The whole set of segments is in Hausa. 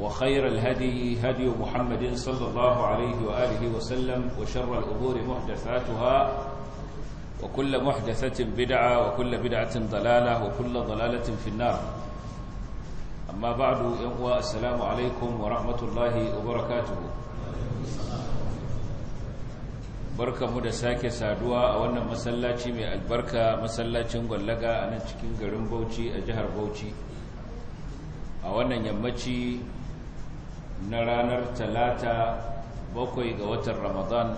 وخير الهدي هدي محمد صلى الله عليه وآله وسلم وشر الأمور محدثاتها وكل محدثة بدعة وكل بدعة ضلالة وكل ضلالة في النار أما بعد يقوى السلام عليكم ورحمة الله وبركاته barkamu da sake saduwa a wannan masallaci mai albarka masallacin gwallaga a nan cikin garin Bauchi a jihar Bauchi a wannan yammaci na ranar talata bakwai ga watan ramadan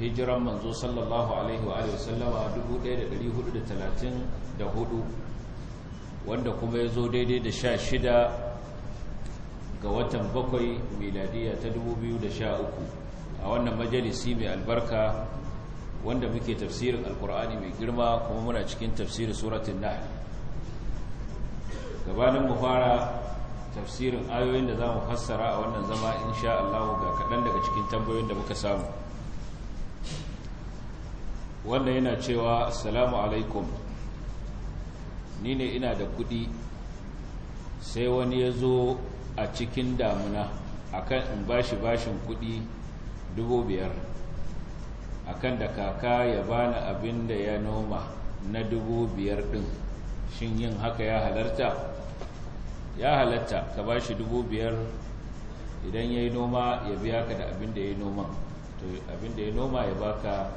hijiran manzo sallallahu alaihi wa sallama hudu, wanda kuma ya zo daidai da sha shida ga watan bakwai miladiya ta uku, a wannan majalisi mai albarka wanda muke tafsirin alkur'ani mai girma kuma muna cikin tafsirin suratun nahl gabanin mu fara tafsirin ayoyin da za mu fassara a wannan zama in sha Allah ga kaɗan daga cikin tambayoyin da muka samu wannan yana cewa assalamu alaikum ni ne ina da kuɗi sai wani ya zo a cikin damuna akan in bashi bashin kuɗi dubu biyar akan da kaka ya bani abin da ya noma na dubu biyar ɗin shin yin haka ya halarta ya halatta ka ba shi dubu biyar idan ya yi noma ya biya ka da abin da ya yi noma to abin da ya noma ya baka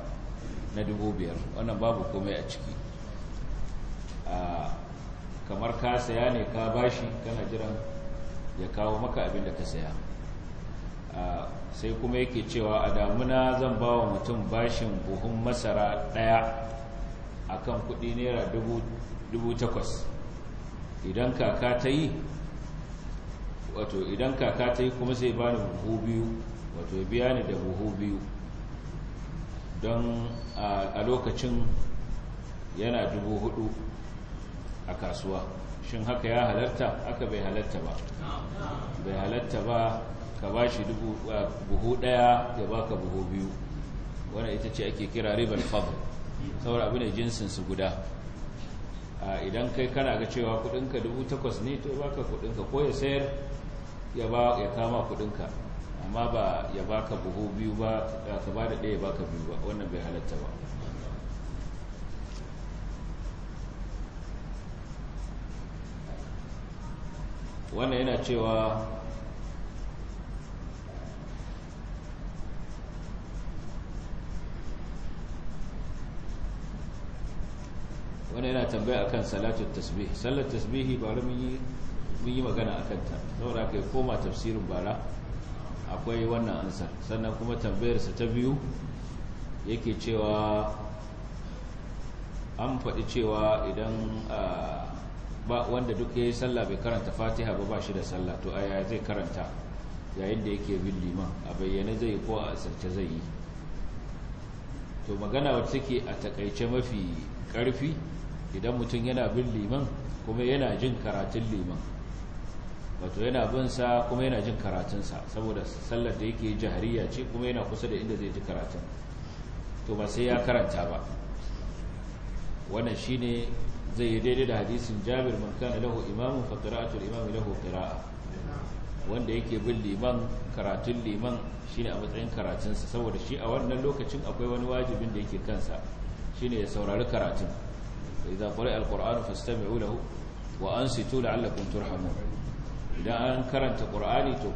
na dubu biyar wannan babu komai a ciki kamar ka saya ne ka ba shi kana jiran ya kawo maka abin da ka saya sai kuma yake cewa a damuna zan ba wa mutum bashin buhun masara daya akan kudi naira dubu takwas idan kaka ta yi wato idan kaka ta yi kuma sai bani buhu biyu wato biya ni da buhu biyu don a lokacin yana dubu hudu a kasuwa shin haka ya halarta aka bai halarta ba bai halarta ba ka ba shi buhu daya ya baka buhu biyu wadda ita ce ake kira ribar fadl saboda abu ne jinsinsu guda idan kai kana ga cewa kudinka dubu takwas ne to baka kudinka ko ya sayar ya ba ya kama kudinka amma ba ya baka buhu biyu ba ka ba da ɗaya ya baka biyu ba wannan bai halatta ba wannan yana cewa wani yana tambaya akan salatu tasbihi sallar tasbihi bari mun yi magana akan ta saboda yi koma tafsirin bara akwai wannan ansar sannan kuma tambayarsa ta biyu yake cewa an faɗi cewa idan ba wanda duk ya yi sallah bai karanta fatiha ba ba shi da sallah to a zai karanta yayin da yake bin liman a bayyane zai ko a asirce zai yi to magana wacce take a takaice mafi ƙarfi idan mutum yana bin liman kuma yana jin karatun liman wato yana bin sa kuma yana jin karatunsa saboda sallar da yake jahariya ce kuma yana kusa da inda zai ji karatun to ba sai ya karanta ba wannan shine zai yi daidai da hadisin jabir man kana lahu imamun fa al imami lahu qira'a wanda yake bin liman karatun liman shine a matsayin karatunsa saboda shi a wannan lokacin akwai wani wajibin da yake kansa shine ya saurari karatun idza quri'a alqur'anu fastami'u lahu wa ansitu la'allakum turhamun idan an karanta qur'ani to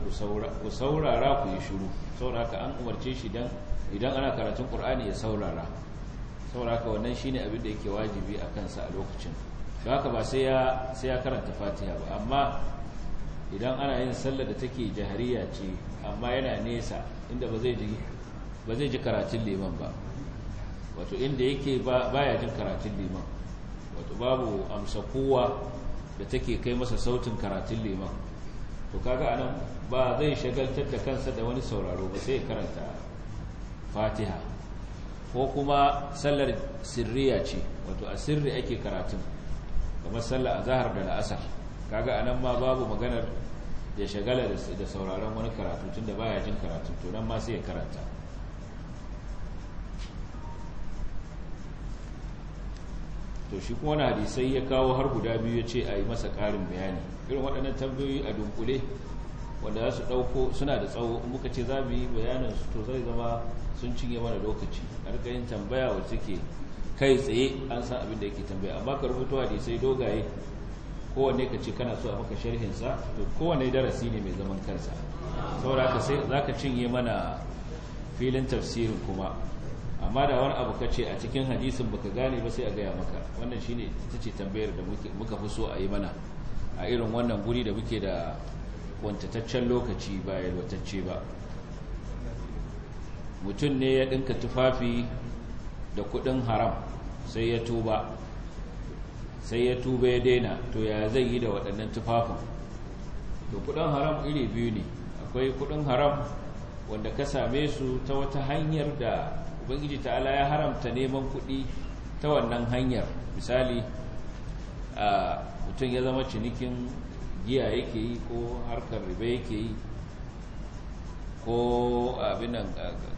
ku saurara ku yi shiru sauraka an umarce shi dan idan ana karatun qur'ani ya saurara sauraka wannan shine abin da yake wajibi a kansa a lokacin haka ba sai ya sai ya karanta fatiha ba amma idan ana yin sallar da take jahariya ce amma yana nesa inda ba zai ji ba zai ji karatun liman ba wato inda yake baya jin karatun liman wato babu amsa kowa da take kai masa sautin karatun liman to kaga anan ba zai shagaltar da kansa da wani sauraro ba sai karanta fatiha ko kuma sallar sirriya ce wato a sirri ake karatun kamar sallar azahar da la'asar kaga anan ma babu maganar ya shagala da sauraron wani karatu tun da baya jin karatu to nan ma sai ya karanta to shi kuma wani hadisai ya kawo har guda biyu ya ce a yi masa ƙarin bayani irin waɗannan tambayoyi a dunkule wanda za su ɗauko suna da tsawo in muka ce za mu yi bayanin su to zai zama sun cinye mana lokaci a rika yin tambaya wacce ke kai tsaye an san abin da yake tambaya amma ka rubuto hadisai dogaye kowanne ka ce kana so a maka sharhinsa to kowanne darasi ne mai zaman kansa saboda haka sai za ka cinye mana filin tafsirin kuma amma da wani abu ka ce a cikin hadisin baka gane ba sai a gaya maka wannan shine ita ce tambayar da muka fi so a yi mana a irin wannan guri da muke da kwantataccen lokaci ba lotacce ba mutum ne ya dinka tufafi da kudin haram sai ya tuba sai ya tuba ya daina to ya zai yi da waɗannan tufafin to kudin haram iri biyu ne akwai kudin haram wanda ka same su ta wata hanyar da ubangiji ta'ala ya haramta neman kuɗi ta wannan hanyar misali a mutum ya zama cinikin giya yake yi ko harkar riba yake yi ko abinan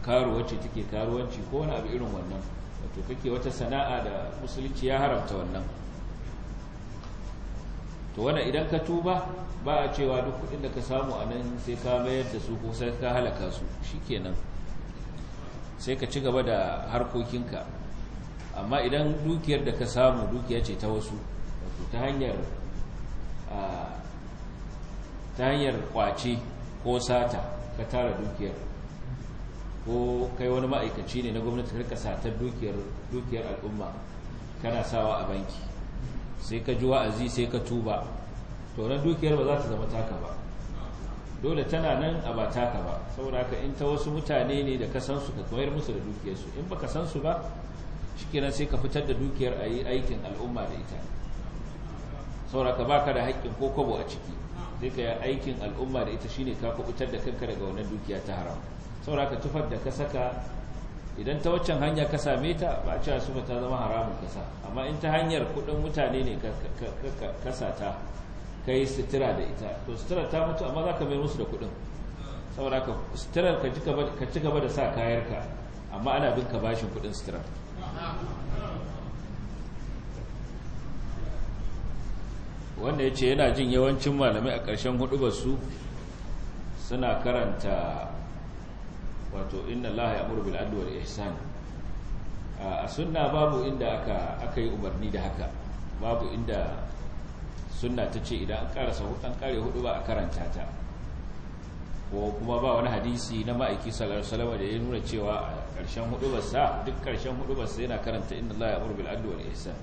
karuwanci take karuwanci ko wani abu irin wannan wato kake wata sana'a da musulunci ya haramta wannan to wannan idan ka tuba ba a cewa duk kudin da ka samu a nan sai ka mayar da su ko sai ka halaka su shi shikenan sai ka ci gaba da harkokinka amma idan dukiyar da ka samu dukiya ce ta wasu ta hanyar ta hanyar kwace ko sata ka tara dukiyar ko kai wani ma'aikaci ne na gwamnati ka rika satar dukiyar al'umma kana sawa a banki sai ka ji wa'azi sai ka tuba to dukiyar ba za ta zama taka ba dole tana nan a ba taka ba saboda haka in ta wasu mutane ne da ka san su ka koyar musu da dukiyar su in baka san su ba shikenan sai ka fitar da dukiyar a yi aikin al'umma da ita saboda ka baka da haƙƙin ko kwabo a ciki sai ka yi aikin al'umma da ita shine ka kubutar da kanka daga wannan dukiya ta haram saboda ka tufar da ka saka idan ta waccan hanya ka same ta ba a cewa su ta zama haramun kasa amma in ta hanyar kuɗin mutane ne ka ta. kai sitira da ita to sutura ta mutu amma za ka mai musu da kuɗin saboda ka sitira ka ci gaba da sa kayar ka amma ana bin ka bashin kuɗin sutura wanda ya ce yana jin yawancin malamai a ƙarshen hudu su suna karanta wato inna Allah ya amuru bil adli wal ihsan a sunna babu inda aka aka yi umarni da haka babu inda sunna ta ce idan an karasa hudun kare hudu ba a karanta ta ko kuma ba wani hadisi na ma'aiki sallallahu da ya nuna cewa a ƙarshen hudu ba sa duk ƙarshen hudu ba sa yana karanta inda Allah ya amuru bil wani isa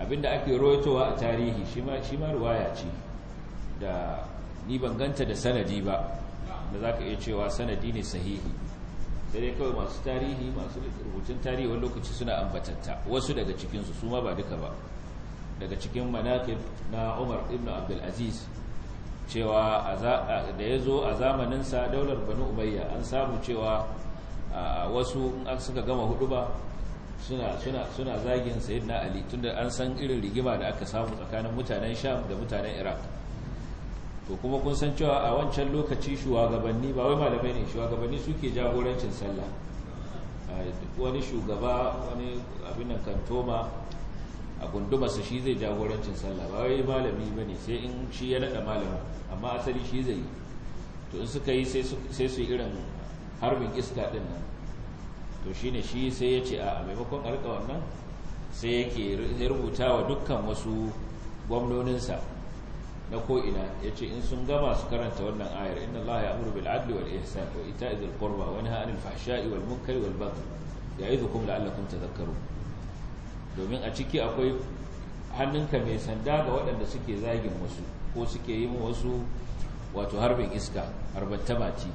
abinda ake rawaitowa a tarihi shi ma ruwaya ce da ni ban ganta da sanadi ba da za ka iya cewa sanadi ne sahihi sai kawai masu tarihi masu rubutun tarihi wani lokaci suna ambatatta wasu daga cikinsu su ma ba duka ba daga cikin manaqib na Umar ibn Abdul Aziz cewa da ya zo a zamaninsa daular Banu Umayya an samu cewa wasu an suka gama hudu ba suna zagin suna na sayyidina Ali tunda an san irin rigima da aka samu tsakanin mutanen Sham da mutanen Iraq to kuma kun san cewa a wancan lokaci shugabanni ba wai malamai ne shugabanni suke jagorancin sallah wani shugaba wani abin nan kantoma a gunduma su shi zai jagorancin sallah ba wai malami ne sai in shi ya nada malamin amma asali shi zai yi to in suka yi sai su irin harbin iska din nan to ne shi sai ya ce a maimakon rika wannan sai yake rubuta wa dukkan wasu gwamnoninsa na ko'ina ya ce in sun gama su karanta wannan ayar inna Allah ya amuru bil adli wal ihsan wa ita izil qurba wa naha anil fahsha'i wal munkari wal baghi ya'idukum la'allakum tadhakkarun domin a ciki akwai hannunka mai sanda ga waɗanda suke zagin wasu ko suke yin wasu wato harbin iska harbar tamati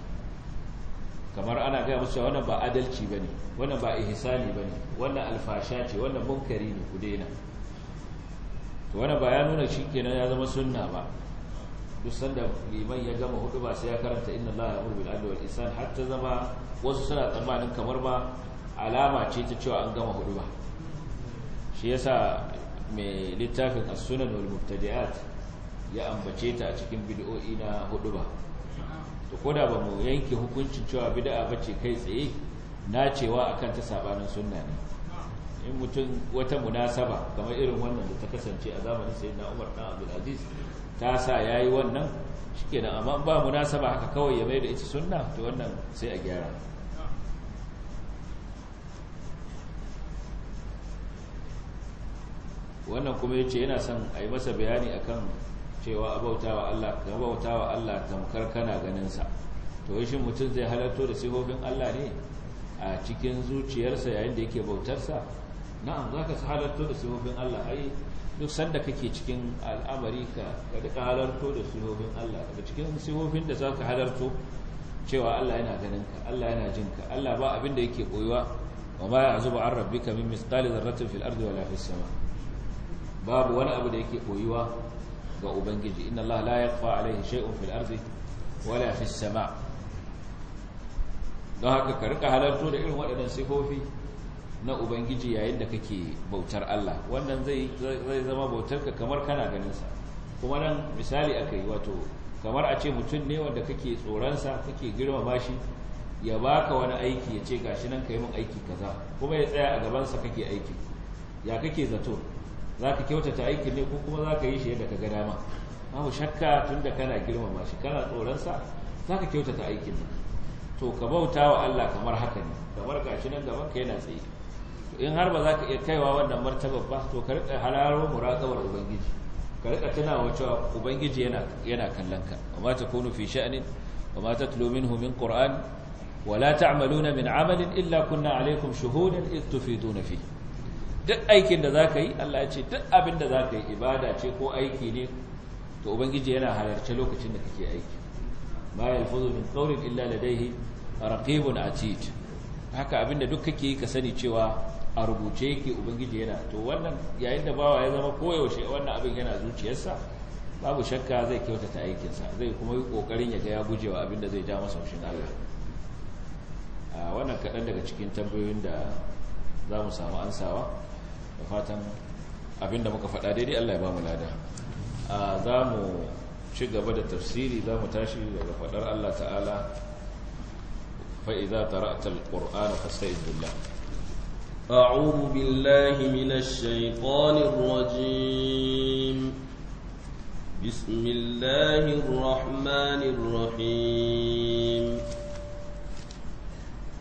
kamar ana gaya musu wannan ba adalci bane wannan ba ihsani bane wannan alfasha ce wannan munkari ne ku daina wani ba ya nuna shi kenan ya zama sunna ba duk sanda liman ya gama hudu ba sai ya karanta inna allaha ya'muru bil adli wal ihsan har ta zama wasu suna tsammanin kamar ba alama ce ta cewa an gama hudu ba shi yasa mai littafin as-sunan wal mubtadi'at ya ambace ta a cikin bid'o'i na hudu ba to koda ba mu yanke hukuncin cewa bid'a bace kai tsaye na cewa akan ta sabanin sunna ne in mutum wata munasaba kamar irin wannan da ta kasance a zamanin na Umar dan Abdul Aziz ta sa yayi wannan shikenan amma ba munasaba haka kawai ya mai da ita sunna to wannan sai a gyara wannan kuma ya ce yana son a yi masa bayani akan cewa abautawa Allah ga bautawa Allah tamkar kana ganin sa to shi mutum zai halarto da sifofin Allah ne a cikin zuciyarsa yayin da yake bautarsa na'am za ka halarto da sifofin Allah ai duk sanda kake cikin al'amari ka ka duka halarto da sifofin Allah daga cikin sifofin da za ka halarto cewa Allah yana ganin ka Allah yana jin ka Allah ba abin da yake koyuwa wa ma ya'zubu an rabbika min misqali dharratin fil ardi wala fis sama babu wani abu da yake koyuwa ga ubangiji inna Allah la yakhfa alayhi shay'un fil ardi wala fis sama don haka ka rika halarto da irin waɗannan sifofi na ubangiji yayin da kake bautar Allah wannan zai zama bautarka kamar kana ganin sa kuma nan misali aka yi wato kamar a ce mutum ne wanda kake tsoron sa kake girmama shi ya baka wani aiki ya ce gashi nan ka yi min aiki kaza kuma ya tsaya a gaban sa kake aiki ya kake zato za ka kyautata aiki ne ko kuma zaka ka yi shi yadda ka ga dama babu shakka tunda kana girmama shi kana tsoronsa za ka kyautata aikin ne to ka bauta wa Allah kamar haka ne kamar gashi nan gaban ka yana tsaye in har ba za ka iya kaiwa wannan martabar ba to ka riƙa halarwar muraƙawar ubangiji ka rika tunawa cewa ubangiji yana yana kallon ka amma ta kunu fi sha'nin wa ma tatlu minhu min qur'an wa la ta'maluna min 'amalin illa kunna 'alaykum shuhudan tufi tufiduna fi duk aikin da za ka yi Allah ya ce duk abin da za ka yi ibada ce ko aiki ne to ubangiji yana halarce lokacin da kake aiki ma yalfuzu min qawlin illa ladayhi raqibun atid haka abinda duk kake yi ka sani cewa a rubuce yake ubangiji yana to wannan yayin da bawa ya zama koyaushe wannan abin yana zuciyarsa babu shakka zai kyauta kyautata aikinsa zai kuma yi kokarin ya ga ya gujewa abin da zai ja masa haushin Allah a wannan kaɗan daga cikin tambayoyin da za mu samu ansawa da fatan abin da muka faɗa daidai Allah ya ba mu lada za mu ci gaba da tafsiri za mu tashi daga faɗar Allah ta'ala fa'iza tara'atar ƙor'ana fasta'in billah أعوذ بالله من الشيطان الرجيم بسم الله الرحمن الرحيم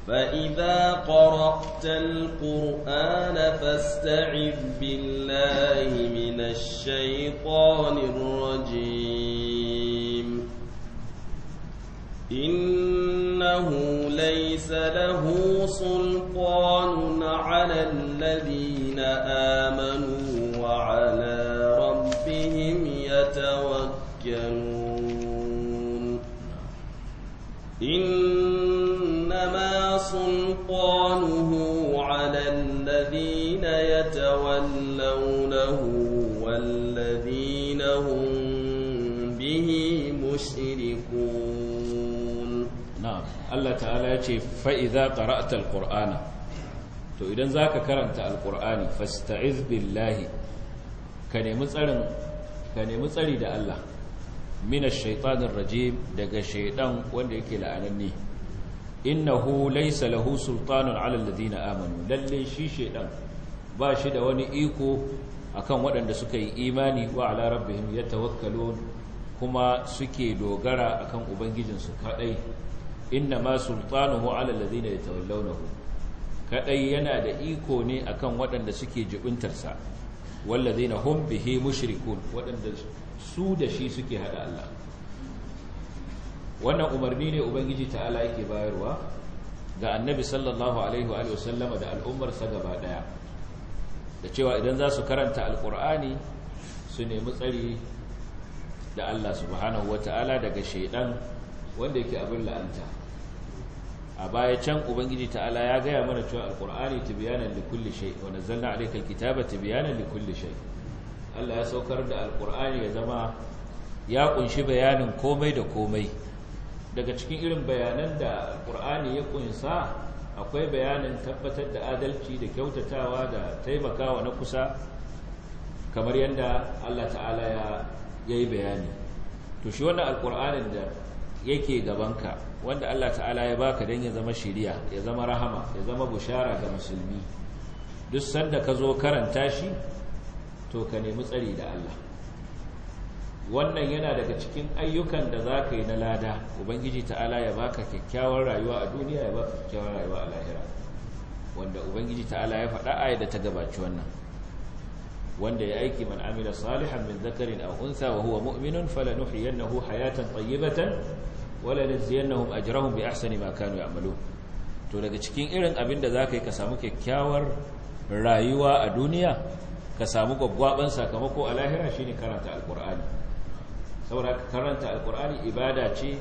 فإذا قرأت القرآن فاستعذ بالله من الشيطان الرجيم إنه ليس له سلطان على الذين آمنوا وعلى ربهم يتوكلون إنما سلطانه على الذين يتولونه والذين هم به مشركون Allah ta'ala ya ce fa'iza ƙara'ata al'ur'ana to idan za ka karanta al'ur'ani fasta'iz billahi ka nemi tsari da Allah minas shaitanin rajim daga shaidan wanda yake la'ananne innahu laisa lahu sultanun alalladi na amanu lalle shi shaidan ba shi da wani iko akan waɗanda suka yi imani wa alarabbihim ya yatawakkalun kuma suke dogara akan ubangijinsu kaɗai. inna ma sultanuhu ala alladhina yatawallawnahu kadai yana da iko ne akan waɗanda suke jibintarsa wallazina hum bihi mushrikun waɗanda su da shi suke hada Allah wannan umarni ne ubangiji ta'ala yake bayarwa ga annabi sallallahu alaihi wa sallama da al'ummar sa gaba daya da cewa idan za su karanta alqur'ani su nemi tsari da Allah subhanahu wataala daga shaidan wanda yake abin la'anta a baya can ubangiji ta'ala ya gaya mana cewa alqur'ani tibyanan likulli shay wa nazzalna alayka alkitaba tibyanan likulli shay Allah ya saukar da alqur'ani ya zama ya kunshi bayanin komai da komai daga cikin irin bayanan da alqur'ani ya kunsa akwai bayanin tabbatar da adalci da kyautatawa da taimakawa na kusa kamar yadda Allah ta'ala ya yi bayani to shi wannan alqur'anin da yake gabanka wanda Allah ta'ala ya baka don ya zama shiriya ya zama rahama ya zama bushara ga musulmi duk sanda ka zo karanta shi to ka nemi tsari da Allah wannan yana daga cikin ayyukan da za ka yi na lada ubangiji ta'ala ya baka kyakkyawar rayuwa a duniya ya baka kyakkyawar rayuwa a lahira wanda ubangiji ta'ala ya faɗa a da ta gabaci wannan wanda ya aiki man amila salihan min zakarin a unsa wa huwa mu'minun falanuhyiyannahu hayatan tayyibatan wala najziyannahum ajrahum bi ahsani ma kanu ya'malun to daga cikin irin abin da zaka yi ka samu kyakkyawar rayuwa a duniya ka samu gwaggwaban sakamako a lahira shine karanta alkur'ani saboda karanta Alƙur'ani ibada ce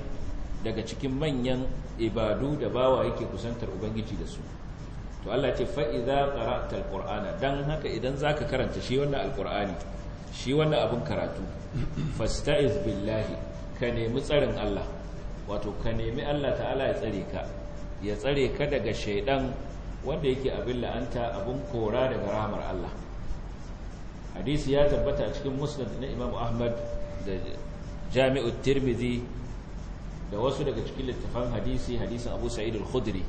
daga cikin manyan ibadu da bawa yake kusantar ubangiji da su to Allah ce fa'iza karanta qara'ta don dan haka idan zaka karanta shi wannan Alƙur'ani shi wannan abin karatu fasta'iz billahi ka nemi tsarin Allah wato ka nemi Allah ta'ala ya tsare ka ya tsare ka daga shaidan wanda yake abin la'anta abin kora daga rahamar Allah hadisi ya tabbata a cikin musnad na Imam Ahmad da Jami'ut Tirmidhi da wasu daga cikin littafan hadisi hadisin Abu Sa'id al-Khudri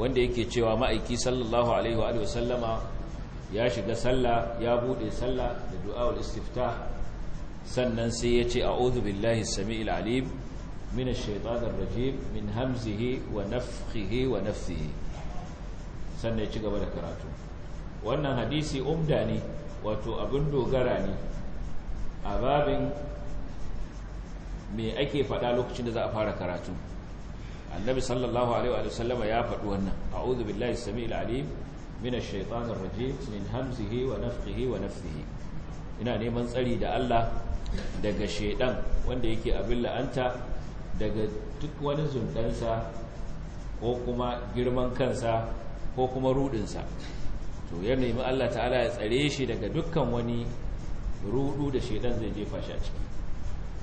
wanda yake cewa ma'aiki sallallahu alaihi wa sallama ya shiga sallah ya bude sallah da du'a ul istiftah sannan sai ya ce a'udhu billahi as-sami'il alim من الشيطان الرجيم من همزه ونفخه ونفثه sannan ya ci gaba da karatu wannan hadisi umda ne wato abin dogara ne a babin me ake faɗa lokacin da za a fara karatu annabi sallallahu alaihi wa sallama ya faɗi wannan a'udhu billahi samiil alim minash shaitanir rajim min hamzihi wa nafthihi wa nafthihi ina neman tsari da Allah daga shaidan wanda yake abin la'anta daga duk wani zundansa ko kuma girman kansa ko kuma rudinsa to ya nemi Allah ta'ala ya tsare shi daga dukkan wani rudu da shedan zai jefa shi a ciki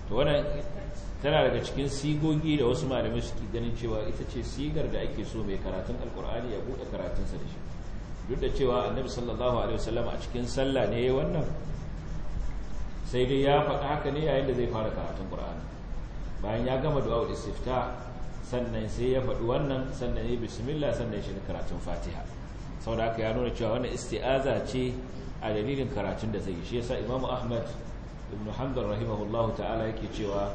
to wannan tana daga cikin sigogi da wasu malamai suke ganin cewa ita ce sigar da ake so mai karatun alkur'ani ya bude karatunsa da shi duk da cewa annabi sallallahu alaihi wasallam a cikin sallah ne wannan sai dai ya faɗa haka ne yayin da zai fara karatun alkur'ani bayan ya gama du'a istifta sannan sai ya faɗi wannan sannan ya bismillah sannan shi karatun fatiha sau da aka ya nuna cewa wannan isti'aza ce a dalilin karatun da zai yi shi yasa imamu ahmad ibn hanbal rahimahullahu ta'ala yake cewa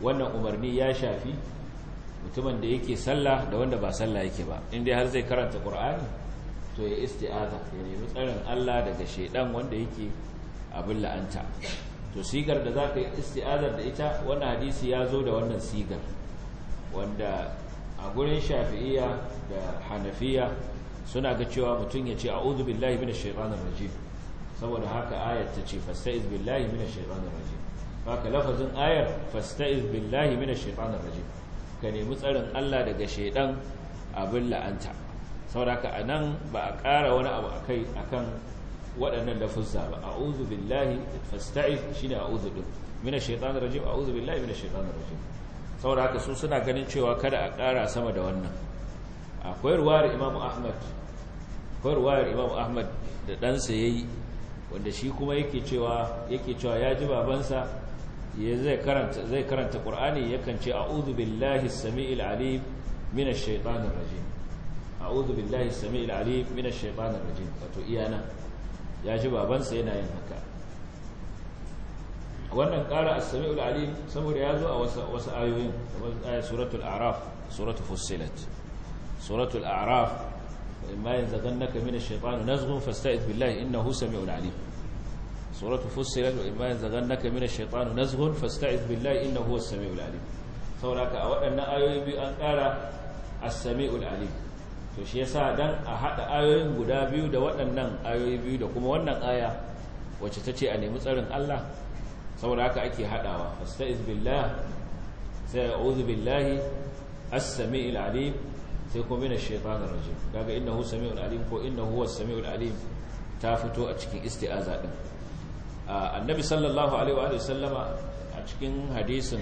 wannan umarni ya shafi mutumin da yake sallah da wanda ba sallah yake ba in dai har zai karanta qur'ani to ya isti'aza ya nemi tsarin Allah daga shaidan wanda yake abin la'anta to sigar da za ka yi isti'azar da ita wannan hadisi ya zo da wannan sigar wanda a gurin shafi'iya da hanafiya suna ga cewa mutum ya ce a a'udhu billahi minash shaitanir rajim saboda haka ayar ta ce fasta'iz billahi minash shaitanir rajim haka lafazin ayar fasta'iz billahi minash shaitanir rajim ka nemi tsarin Allah daga shaidan abin la'anta saboda haka a nan ba a ƙara wani abu akai akan waɗannan lafuzza ba a'udhu billahi fasta'iz shine a'udhu ɗin. mina shaitanir rajim a'udhu billahi mina shaitanir rajim saboda haka su suna ganin cewa kada a ƙara sama da wannan A ruwayar imamu ahmad akwai imamu ahmad da ɗansa ya yi, wanda shi kuma yake cewa yake cewa ya ji babansa zai karanta zai karanta qur'ani yakan ce a'udhu billahi samiil alim mina shaitanir rajim a'udhu billahi samiil alim mina shaitanir rajim wato iyana ya ji babansa yana yin haka wannan ƙara as-sami'ul alim saboda ya zo a wasu ayoyin kamar eh, suratul a'raf suratul fussilat suratul a'raf imayin imma yanzaghannaka minash shaitani nazghun fasta'id billahi innahu sami'un alim suratul fussilat wa imma yanzaghannaka minash shaitani nazghun fasta'id billahi innahu huwas sami'ul alim saboda ka a waɗannan ayoyi biyu an ƙara as-sami'ul alim to shi yasa dan a hada ayoyin guda biyu da waɗannan ayoyi biyu da kuma wannan aya wacce ta ce a nemi tsarin Allah saboda haka ake hadawa astaiz billah sai a'udhu billahi as-sami'il alim sai kuma mina shaytanir rajim kaga innahu sami'ul alim ko innahu as sami'ul alim ta fito a cikin isti'aza din annabi sallallahu alaihi wa sallama a cikin hadisin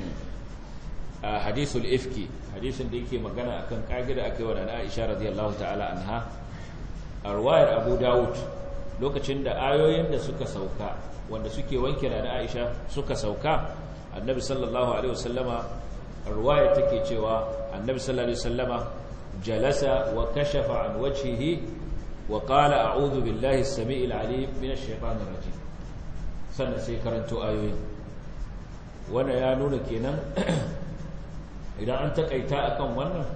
A hadisul ifki hadisin da yake magana akan kage da aka yi wa nana Aisha radiyallahu ta'ala anha arwayar Abu Dawud lokacin da ayoyin da suka sauka wanda suke wanke nana Aisha suka sauka annabi sallallahu alaihi wasallama arwaya take cewa annabi sallallahu alaihi wasallama jalasa wa kashafa an wajhihi wa qala a'udhu billahi as-sami'il 'alim minash shaitanir rajim sannan sai karanto ayoyin wannan ya nuna kenan idan an takaita akan wannan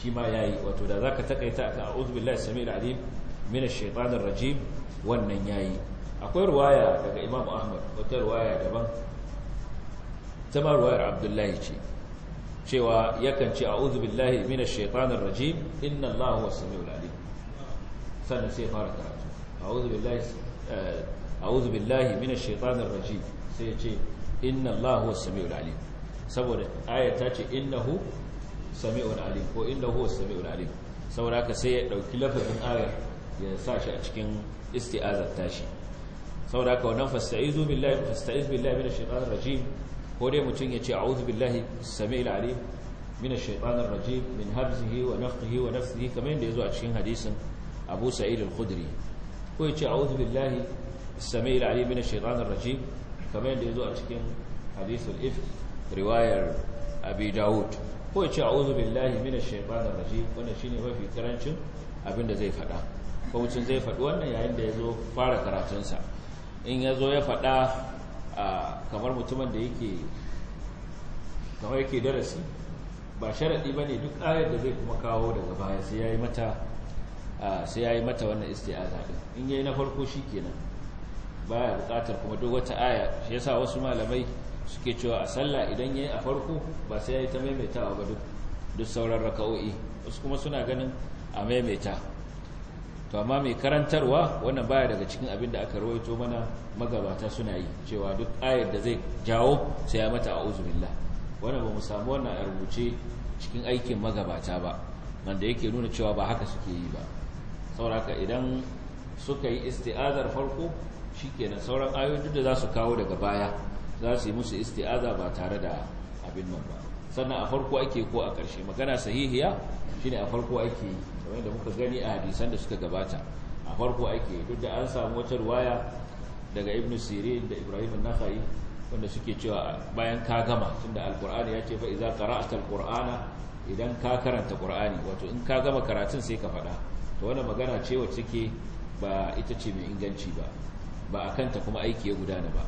shi ma yayi wato da zaka takaita akan a'udhu billahi samil alim minash shaitanir rajim wannan yayi akwai ruwaya daga Imam Ahmad wata ruwaya daban ta ma ruwayar Abdullahi ce cewa yakan ce a'udhu billahi minash shaitanir rajim inna Allahu was alim sannan sai fara karatu a'udhu billahi eh, a'udhu billahi minash shaitanir rajim sai ya ce inna Allahu was alim saboda ayar ta ce innahu sami'un alim ko innahu sami'un alim saboda haka sai ya dauki lafazin ayar ya sa shi a cikin isti'azar tashi saboda haka wannan fasta'izu billahi fasta'iz billahi minash shaitanir rajim ko dai mutun ya ce a'udhu billahi sami'il alim minash shaitanir rajim min habzihi wa nafthihi wa nafsihi kamar yadda yazo a cikin hadisin Abu Sa'id al-Khudri ko ya ce a'udhu billahi sami'il alim minash shaitanir rajim kamar yadda yazo a cikin hadisul ifk riwayar abi dawud ko ya ce a'udhu billahi minash shaitanir rajim wannan shine mafi karancin abin da zai fada ko mutum zai faɗi wannan yayin da ya zo fara sa in ya zo ya faɗa kamar mutumin da yake kamar yake darasi ba sharaɗi ba ne duk ayar da zai kuma kawo daga baya sai ya yi mata sai ya yi mata wannan isti'aza in yayi na farko shi kenan baya bukatar kuma duk wata aya shi yasa wasu malamai suke cewa a sallah idan ya yi a farko ba sai yayi ta maimaita a duk duk sauran raka'o'i wasu kuma suna ganin a maimaita to amma mai karantarwa wannan baya daga cikin abin da aka rawaito mana magabata suna yi cewa duk ayar da zai jawo sai ya mata a'udhu billah wannan ba mu samu wannan a rubuce cikin aikin magabata ba wanda yake nuna cewa ba haka suke yi ba sauraka idan suka yi isti'azar farko shikenan sauran ayoyi duk da za su kawo daga baya za su yi musu isti'aza ba tare da abin nan ba sannan a farko ake ko a ƙarshe magana sahihiya shine a farko ake kamar da muka gani a hadisan da suka gabata a farko ake duk da an samu wata ruwaya daga ibnu sirin da ibrahim an-nakhai wanda suke cewa bayan ka gama tunda alqur'ani ya ce fa idza qara'ta alqur'ana idan ka karanta qur'ani wato in ka gama karatun sai ka faɗa to wannan magana ce wacce take ba ita ce mai inganci ba ba akan ta kuma aiki ya gudana ba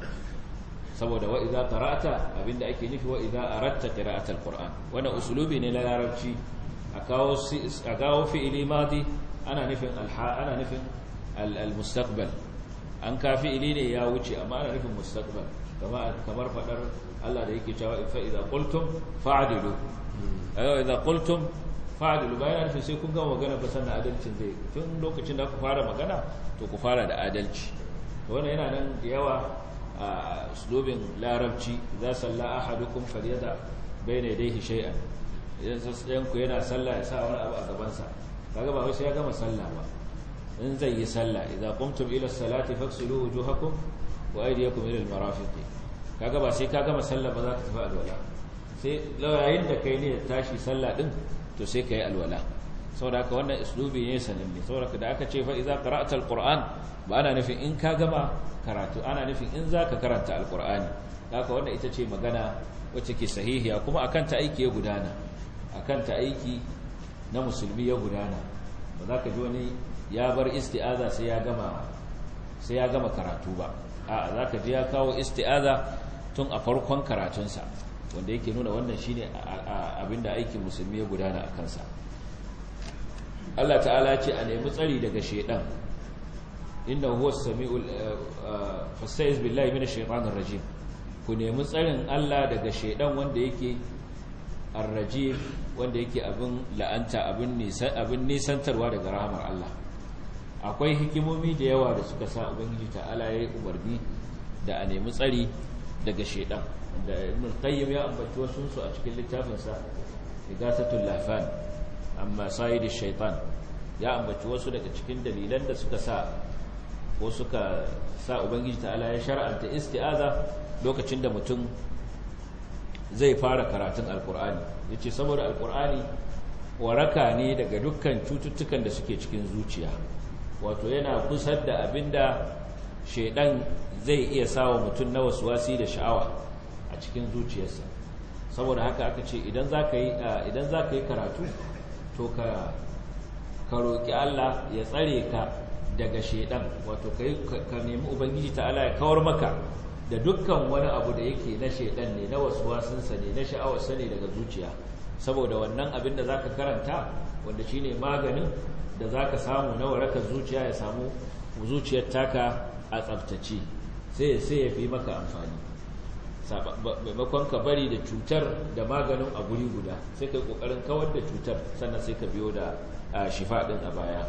saboda wa'iza karata, abinda ake nufi waiza a aratta qira'atal qur'an wannan uslubi ne na larabci a kawo a kawo fi'ili madi ana nufin ana nufin al-mustaqbal an ka fi'ili ne ya wuce amma ana nufin mustaqbal kamar faɗar Allah da yake cewa fa idza qultum fa'dilu ayo idza qultum fa'dilu bayan nufin sai kun gama magana ba sannan adalcin zai tun lokacin da ku fara magana to ku fara da adalci wannan yana nan yawa a uslubin larabci za su salla ahadukum falyada bayna yadayhi shay'an idan sassayen ku yana sallah ya sa wani abu a gabansa kaga ba wai sai ya gama sallah ba in zai yi sallah idza qumtum ila salati faghsilu wujuhakum wa aidiya ila al-marafiq kaga ba sai ka gama sallah ba za ka tafi alwala sai yayin da kai ne ya tashi sallah din to sai kai alwala saboda haka wannan islubi ne sananne saboda da aka ce fa iza qara'ta alquran ba ana nufin in ka gama karatu ana nufin in zaka karanta alqurani haka wannan ita ce magana wacce ke sahihiya kuma akan ta aiki ya gudana akan ta aiki na musulmi ya gudana ba za ka ji wani ya bar isti'aza sai ya gama sai ya gama karatu ba a za ka ji ya kawo isti'aza tun a farkon karatunsa wanda yake nuna wannan shine abinda aikin musulmi ya gudana a kansa Allah ta'ala ce a nemi tsari daga shaidan inna huwa samiul eh, eh, fasaiz billahi minash shaitanir rajim ku nemi tsarin Allah daga shaidan wanda yake ar-rajim wanda yake abin la'anta abin nisan abin nisantarwa daga rahamar Allah akwai hikimomi da yawa da suka sa ubangiji ta'ala ya umarni da a nemi tsari daga shaidan da ibn qayyim ya ambaci wasu a cikin littafin littafinsa igasatul lafan amma sayid shaitan ya ambaci wasu daga cikin dalilan da suka sa ko suka sa ubangiji ta'ala ya shar'anta isti'aza lokacin da mutum zai fara karatun alkur'ani yace saboda alkur'ani waraka ne daga dukkan cututtukan da suke cikin zuciya wato yana kusar da abinda shaidan zai iya sawa mutum na wasi da sha'awa a cikin zuciyarsa saboda haka aka ce idan zaka yi idan zaka yi karatu to ka ka roki Allah ya tsare ka daga shedan wato kai ka nemi ubangiji ta ta'ala ya kawar maka da dukkan wani abu da yake na shedan ne na sa ne na sha'awarsa ne daga zuciya saboda wannan abin da zaka karanta wanda shine maganin da zaka samu na waraka zuciya ya samu zuciyar taka a tsaftace sai sai ya fi maka amfani maimakon ka bari da cutar da maganin a guri guda sai ka kokarin kawar da cutar sannan sai ka biyo da shifa din a baya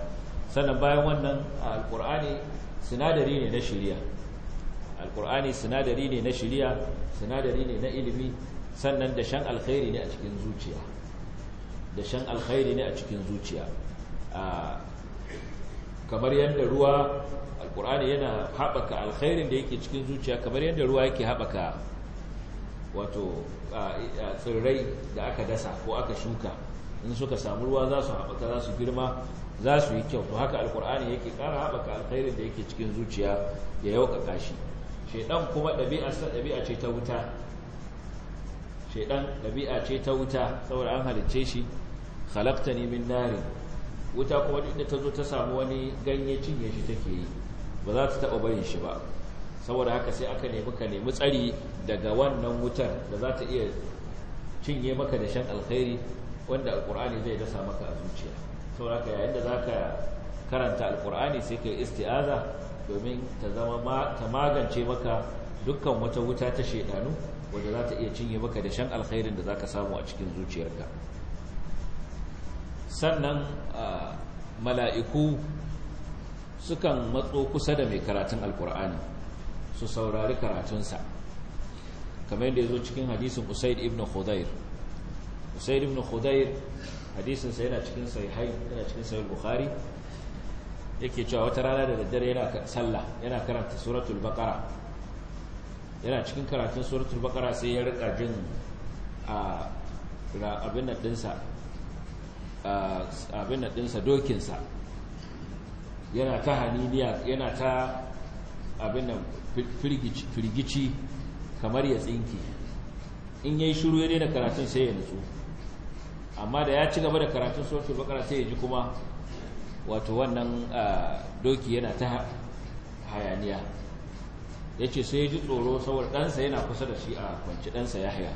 sannan bayan wannan alkur'ani sinadari ne na shari'a alkur'ani sinadari ne na shari'a sinadari ne na ilimi sannan da shan alkhairi ne a cikin zuciya da shan alkhairi ne a cikin zuciya kamar yadda ruwa alkur'ani yana haɓaka alkhairin da yake cikin zuciya kamar yadda ruwa yake haɓaka wato tsirrai da aka dasa ko aka shuka in suka samu ruwa za su haɓaka za su girma za su yi kyau to haka alkur'ani yake ƙara haɓaka alkhairin da yake cikin zuciya ya yaukaka shi shaidan kuma ɗabi'a ce ta wuta shaidan saboda an halicce shi halakta ne min nari wuta kuma duk da ta zo ta samu wani ganye cinye shi take yi ba za ta taɓa barin shi ba saboda haka sai aka nemi ka nemi tsari daga wannan wutar da za ta iya cinye maka da shan alkhairi wanda alkur'ani zai dasa maka a zuciya saboda haka yayin da za ka karanta alkur'ani sai ka yi isti'aza domin ta zama ta magance maka dukkan wata wuta ta shedanu wanda za ta iya cinye maka da shan alkhairin da za ka samu a cikin zuciyarka sannan mala'iku sukan matso kusa da mai karatun alkur'ani su saurari karatunsa kamar yadda ya zo cikin hadisin usaid ibn khudair usaid ibn khudair hadisinsa yana cikin sahihai yana cikin sahih bukhari yake cewa wata rana da daddare yana sallah yana karanta suratul baqara yana cikin karatun suratul baqara sai ya rika jin a abin nan dinsa a abin nan dinsa dokinsa yana ta haniniya yana ta abin da. firgici kamar ya tsinki in yayi shiru ya daina karatun sai ya nutsu amma da ya ci gaba da karatun suratul bakara sai ya ji kuma wato wannan doki yana ta hayaniya ya ce sai ya ji tsoro saboda ɗansa yana kusa da shi a kwanci ɗansa ya haya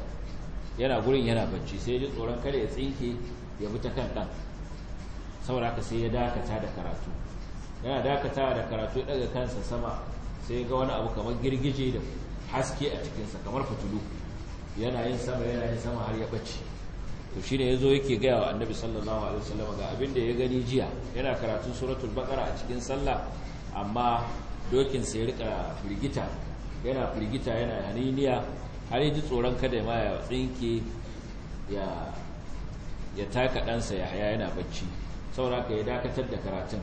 yana gurin yana bacci sai ya ji tsoron kada ya tsinke ya bi ta kan ɗan saboda haka sai ya dakata da karatu yana dakata da karatu ya daga kansa sama sai ga wani abu kamar girgije da haske a cikinsa kamar fitulu yana yin sama yana yin sama har ya bace to ya zo yake gaya wa annabi sallallahu alaihi wasallam ga abin da ya gani jiya yana karatun suratul baqara a cikin sallah amma dokin sai rika firgita yana firgita yana haniniya har yaji tsoron kada ma ya tsinke ya ya taka ɗansa ya haya yana bacci saboda ka ya dakatar da karatun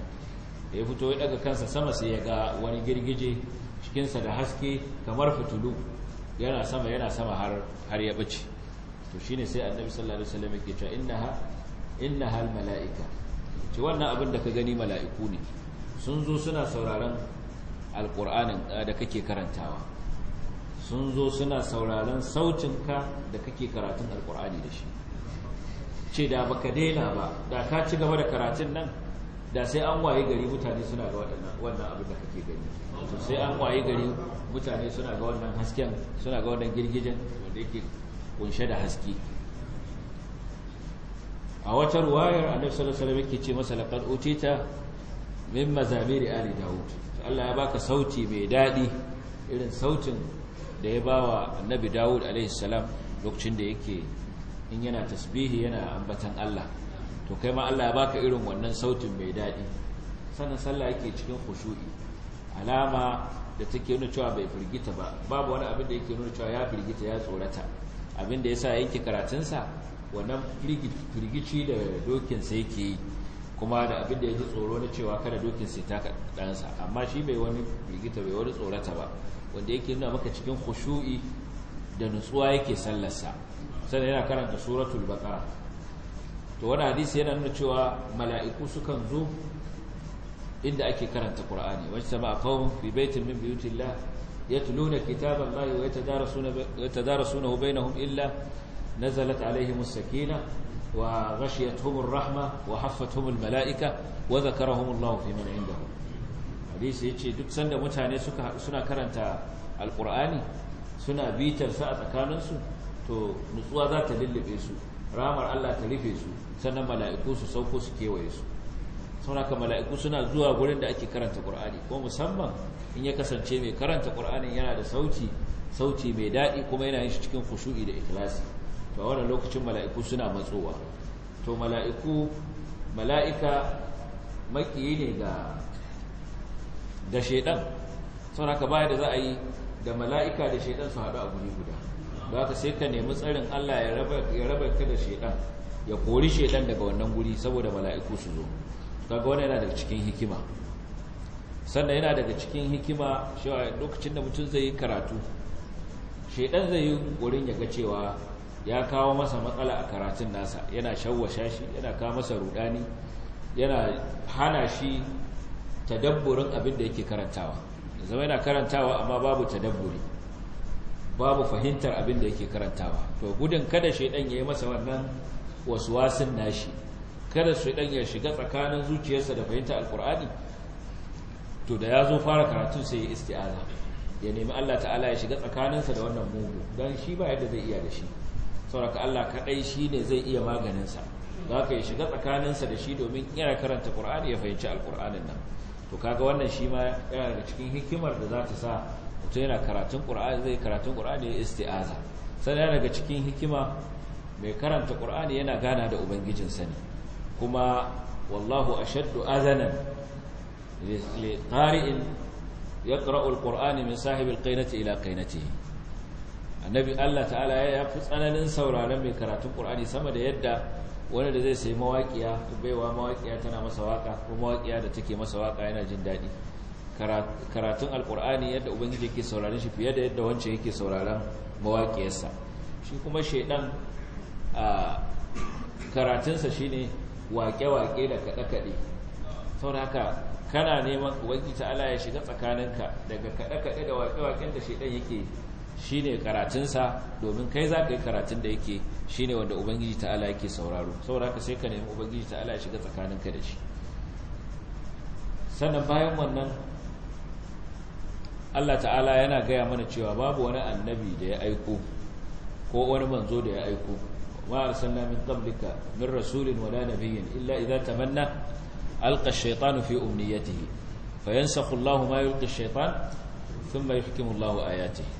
da ya fito ya daga kansa sama sai ya ga wani girgije cikinsa da haske kamar fitulu yana sama yana sama har har ya bace to shine sai annabi sallallahu alaihi wasallam yake cewa innaha innaha al malaika ce wannan abin da ka gani mala'iku ne sun zo suna sauraron alqur'anin ah, da kake karantawa sun zo suna sauraron ka da kake karatun alqur'ani da shi ce da baka daina ba da ka ci gaba da karatun nan da sai an waye gari mutane suna ga wannan abin da kake gani to sai an waye gari mutane suna ga wannan hasken suna ga wannan girgijen wanda yake kunshe da haske a wata ruwayar a sallallahu alaihi wasallam yake ce masa laqad utita min mazamiri ali Dawud Allah ya baka sauti mai dadi irin sautin da ya ba wa annabi Dawud alaihi salam lokacin da yake in yana tasbihi yana ambatan Allah to kai ma Allah ya baka irin wannan sautin mai daɗi sannan sallah yake cikin khushu'i alama da take nuna cewa bai firgita ba babu wani abin da yake nuna cewa ya firgita ya tsorata abin da yasa yake karatunsa wannan firgici da dokin sa yake yi kuma da abin da ya ji tsoro na cewa kada dokin dokinsa ta kaɗansa amma shi bai wani firgita bai wani tsorata ba wanda yake nuna maka cikin khushu'i da nutsuwa yake sallar sa sannan yana karanta suratul baqara to wani hadisi yana nuna cewa mala'iku sukan zo inda ake karanta qur'ani wani sama qawm fi baitin min buyutillah yatluna kitaballahi wa yatadarasuna yatadarasunahu hun, illa nazalat alaihimus sakina wa ghashiyatuhumur rahma wa haffatuhumul mala'ika wa ya fi man indahum hadisi ce duk sanda mutane suka suna karanta alqur'ani suna bitar sa a tsakaninsu to nutsuwa za ta lullube su ramar Allah ta rufe su sannan mala'iku su sauko su kewaye su ka mala'iku suna zuwa wurin da ake karanta ƙur'ani ko musamman in ya kasance mai karanta ƙur'anin yana da sauti sauti mai daɗi kuma yana yin shi cikin fushu'i da ikilasi to a wannan lokacin mala'iku suna matsowa to mala'iku mala'ika makiyi ne ga ga shaidan ka baya da za a yi da mala'ika da shaidan su haɗu a guri guda za ka sai ka nemi tsarin Allah ya raba ka da shaidan ya kori shaidan daga wannan guri saboda mala'iku su zo kaga wani yana daga cikin hikima sannan yana daga cikin hikima cewa lokacin da mutum zai yi karatu shaidan zai yi wurin ya ga cewa ya kawo masa matsala a karatun nasa yana shawwasha shi yana kawo masa rudani yana hana shi tadabburin abin da yake karantawa zama yana karantawa amma babu tadabburi babu fahimtar abin da yake karantawa to gudun kada shaidan ya yi masa wannan wasin nashi kada shaidan ya shiga tsakanin zuciyarsa da fahimtar alkur'ani to da ya zo fara karatu sai ya isti'aza ya nemi Allah ta'ala ya shiga tsakaninsa da wannan mugu don shi ba yadda zai iya da shi sauraka Allah kaɗai shi ne zai iya maganinsa za ka yi shiga tsakaninsa da shi domin yana karanta ƙur'ani ya fahimci alƙur'anin nan to kaga wannan shi ma yana da cikin hikimar da za ta sa mutum yana karatun ƙur'ani zai karatun ƙur'ani ya isti'aza sannan daga cikin hikima mai karanta ƙur'ani yana gana da ubangijin sani kuma wallahu ashaddu azanan li qari'in yaqra'u al-qur'ana min sahibi al ila qainatihi annabi Allah ta'ala ya fi tsananin sauraron mai karatun Qur'ani sama da yadda wani da zai sayi mawaƙiya baiwa mawaƙiya tana masa waƙa ko mawaƙiya da take masa waƙa yana jin daɗi karatun alkur'ani yadda ubangiji ke sauraron shi fiye da yadda wancan yake sauraron mawaƙiyarsa shi kuma shaidan karatunsa shi ne waƙe-waƙe da kaɗe-kaɗe da haka kana neman ubangiji ala ya shiga tsakaninka daga kaɗe-kaɗe da waƙe-waƙen da shaidan yake shi ne karatunsa domin kai za ka yi karatun da yake shi ne wanda ubangiji ta ala yake sauraro saboda haka sai ka nemi ubangiji ta ala ya shiga tsakaninka da shi sannan bayan wannan Allah ta'ala yana gaya mana cewa babu wani annabi da ya aiko ko wani manzo da ya aiko ma arsalna min qablika min rasulin wala nabiyyin illa idza tamanna alqa ash-shaytanu fi umniyatihi fayansakhu Allahu ma yulqi ash-shaytan thumma yuhkimu Allahu ayatihi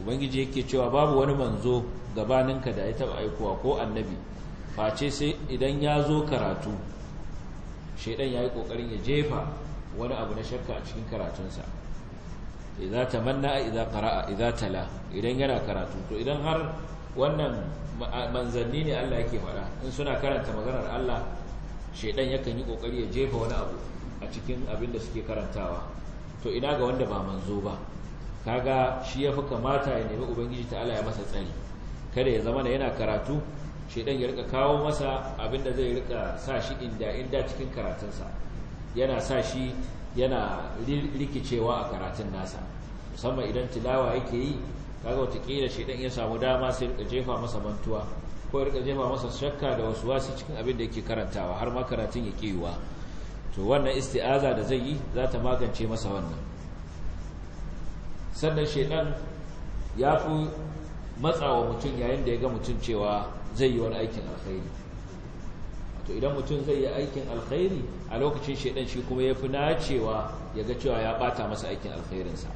ubangiji yake cewa babu wani manzo gabaninka da ya taba aikowa ko annabi face sai idan ya zo karatu shaidan yayi yi kokarin ya jefa wani abu na shakka a cikin karatunsa idza tamanna idza qara'a idza tala idan yana karatu to idan har wannan manzanni ne Allah yake fara in suna karanta maganar Allah shedan yakan yi kokari ya jefa wani abu a cikin abin da suke karantawa to ina ga wanda ba manzo ba kaga shi yafi kamata ya nemi ubangiji ta Allah ya masa tsari kada ya zama yana karatu shedan ya rika kawo masa abin da zai rika sa shi inda inda cikin karatunsa yana sa shi yana rikicewa a karatun nasa musamman idan tilawa yake yi kaga watakila shi dan ya samu dama sai rika jefa masa mantuwa ko rika jefa masa shakka da wasu wasu cikin abin da yake karantawa har ma karatun ya kiyuwa to wannan isti'aza da zai yi za ta magance masa wannan sannan shedan ya fi matsawa mutum yayin da ya ga mutum cewa zai yi wani aikin alkhairi to idan mutum zai yi aikin alkhairi a lokacin shaidan shi kuma ya fi nacewa ya ga cewa ya bata masa aikin alkhairinsa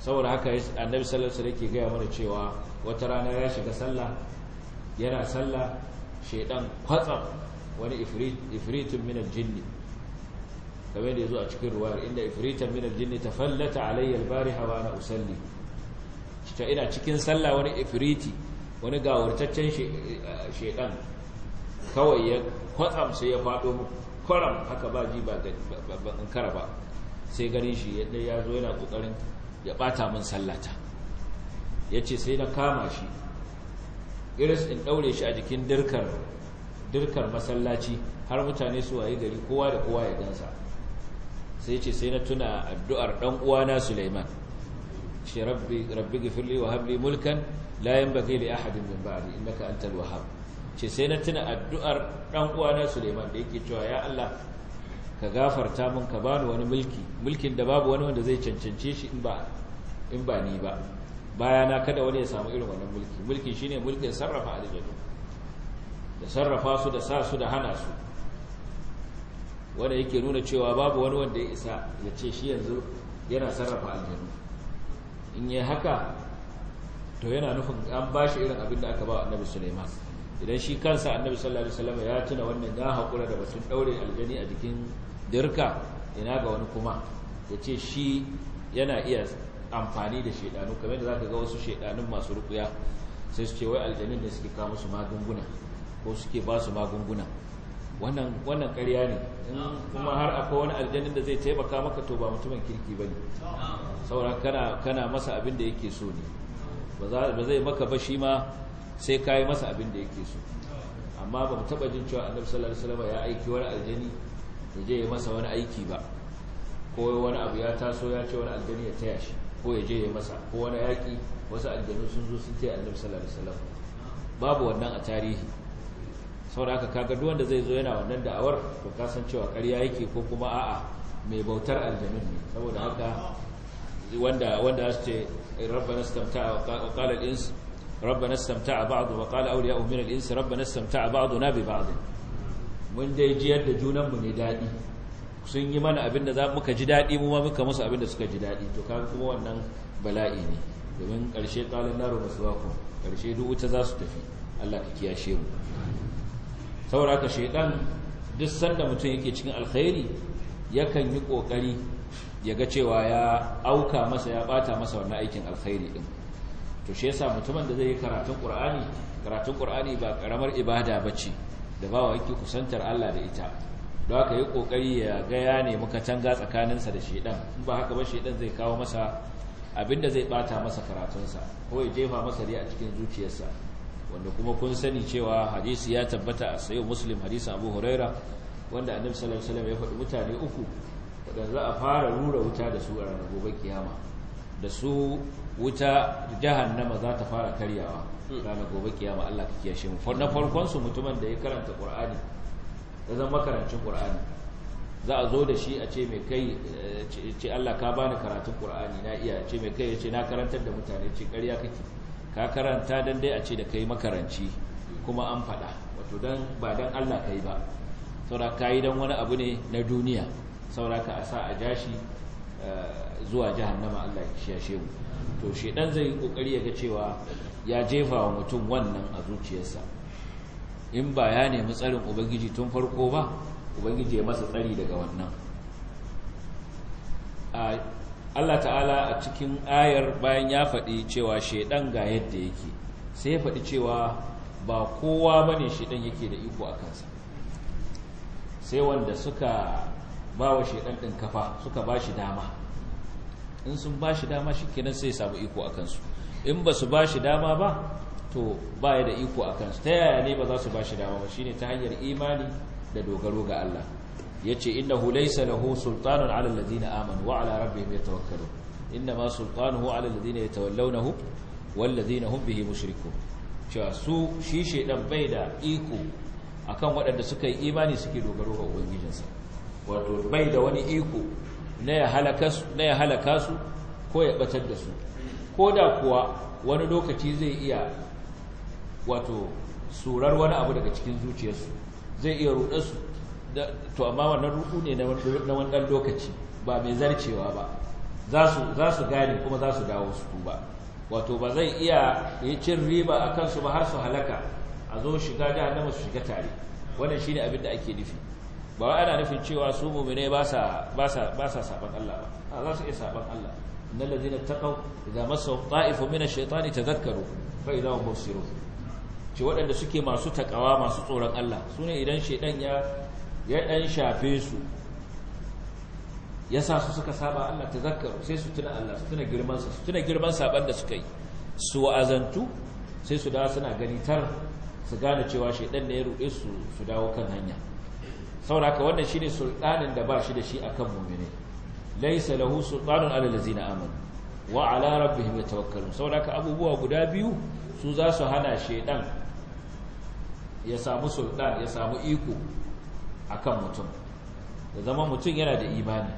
saboda haka annabi sallallahu alaihi wasallam gaya mana cewa wata rana ya shiga sallah yana sallah shaidan kwatsam wani ifritun min aljinn kamar da yazo a cikin ruwayar inda ifritan min aljinn tafallata alayya albariha wa ana usalli ta ina cikin sallah wani ifriti wani gawurtaccen shekan eh, eh, kawai ya kwatsam sai ya faɗo kwaram haka ba ji ba in kara ba sai gari shi ya zo yana ƙoƙarin ya ɓata min sallata ya ce sai na kama shi iris in ɗaure shi a jikin dirkar masallaci har mutane su waye gari kowa da kowa ya gansa sai ce sai na tuna addu'ar ɗan uwana Sulaiman shi rabbi gifirli wa habli mulkan la yanbaghi li ahadin min ba'di an antal wahhab ce sai na tuna addu'ar dan uwana Suleiman da yake cewa ya Allah ka gafarta min ka bani wani mulki mulkin da babu wani wanda zai cancance shi in ba ni ba ni ba bayana kada wani ya samu irin wannan mulki mulki shine mulkin sarrafa aljanu da sarrafa su da sa su da hana su wanda yake nuna cewa babu wani wanda ya isa ya ce shi yanzu yana sarrafa aljanu in yi haka to yana nufin an ba shi irin abin da aka ba annabi Sulaiman idan shi kansa annabi sallallahu alaihi wasallam ya tuna wannan ya hakura da batun daure aljani a jikin dirka ina ga wani kuma yace shi yana iya amfani da shedanu kamar da zaka ga wasu shedanun masu rukuya sai su ce wai aljani ne suke kawo musu magunguna ko suke ba su magunguna wannan wannan ƙarya ne kuma har akwai wani aljanin da zai taimaka maka to ba mutumin kirki bane saboda kana kana masa abin da yake so ne ba zai maka ba shi ma sai ka yi masa abin da yake so amma ba mu taɓa jin cewa annabi sallallahu alaihi wasallam ya aiki wani aljani ya je ya masa wani aiki ba ko wani abu ya taso ya ce wani aljani ya taya shi ko ya je ya masa ko wani yaƙi wasu aljanu sun zo sun taya annabi sallallahu alaihi wasallam babu wannan a tarihi saboda haka kaga duk wanda zai zo yana wannan da'awar to ka san cewa ƙarya yake ko kuma a'a mai bautar aljanun ne saboda haka wanda wanda su ce rabbana istamta'a wa qala al-ins rabbana istamta'a ba'du wa qala awliya'u min al-ins rabbana istamta'a ba'duna bi ba'd mun dai jiyar da junan mu ne dadi sun yi mana abin da za muka ji dadi mu ma muka musu abin da suka ji dadi to kaga kuma wannan bala'i ne domin karshe qalan naru maswaqu karshe duk wuta za su tafi Allah ka kiyashe mu saboda ka shedan duk sanda mutum yake cikin alkhairi yakan yi kokari ya ga cewa ya auka masa ya bata masa wannan aikin alkhairi din to shi yasa mutumin da zai yi karatun qur'ani karatun qur'ani ba karamar ibada bace da ba wa yake kusantar Allah da ita don haka yi kokari ya ga ya nemi katanga sa da shedan in ba haka ba shedan zai kawo masa abinda zai bata masa karatunsa ko ya jefa masa dai a cikin zuciyarsa wanda kuma kun sani cewa hadisi ya tabbata a sayo muslim hadisin abu huraira wanda annabi sallallahu alaihi wasallam ya faɗi mutane uku da za a fara rura wuta da su a ranar gobe kiyama da su wuta jahannama za ta fara karyawa ranar gobe kiyama Allah ka kiyashe mu na farkon su mutumin da ya karanta Qur'ani da zan makarancin Qur'ani za a zo da shi a ce mai kai eh, ce Allah ka bani karatun Qur'ani na iya ce mai kai ce na karantar da mutane ce ƙarya kake ka karanta dan dai a ce da kai makaranci kuma an faɗa wato dan ba dan Allah kai ba saboda kai dan wani abu ne na duniya sauraka a sa a jashi eh, zuwa jahannama Allah ya shebu mu to shedan zai yi kokari ga cewa ya jefa wa mutum wannan a zuciyarsa in ba ya nemi tsarin ubangiji tun farko ba ubangiji ya masa tsari daga wannan Allah ta'ala a cikin ayar bayan ya faɗi cewa shedan ga yadda yake sai ya faɗi cewa ba kowa bane shedan yake da iko a kansa sai wanda suka ba wa shaidan ɗin kafa suka ba shi dama in sun ba shi dama shi kenan sai samu iko a kansu in ba su ba shi dama ba to ba ya da iko a kansu ta yaya ne ba za su ba shi dama ba shine ta hanyar imani da dogaro ga Allah yace innahu laysa lahu sultanun ala alladhina amanu wa ala rabbihim yatawakkalun inma sultanuhu ala alladhina yatawallawnahu walladhina hum bihi mushrikun cewa su shi shaidan bai da iko akan waɗanda suka yi imani suke dogaro ga ubangijinsa wato bai da wani iko na ya halaka su ko ya batar da su ko da kuwa wani lokaci zai iya wato surar wani abu daga cikin zuciyarsu zai iya rudarsu to amma wannan rudu ne na wani dan lokaci ba mai zarcewa ba za su gane kuma za su dawo su ba wato ba zai iya yi cin riba a kansu ba har su halaka a zo shiga jihannama su shiga tare wannan shine abin da ake nufi ba wa ana nufin cewa su mu'mine ba sa ba sa sabon saban Allah ba za su iya saban Allah lalzina ta taqaw da masu ta'ifun mina shaitani ta zakaru fa idza hum mubsirun ce waɗanda suke masu takawa masu tsoron Allah su ne idan shaidan ya ɗan shafe su ya sa su suka saba Allah ta zakaru sai su tuna Allah su tuna girmansa su tuna girman saban da suka yi su azantu sai su da suna gani tar su gane cewa shaidan ne ya ruɗe su su dawo kan hanya haka wannan shine sultanin da ba shi da shi akan mu'mini laysa lahu sultanun ala allazina amanu wa ala rabbihim yatawakkalun sauraka abubuwa guda biyu su za su hana shedan ya samu sultan ya samu iko akan mutum da zama mutum yana da imani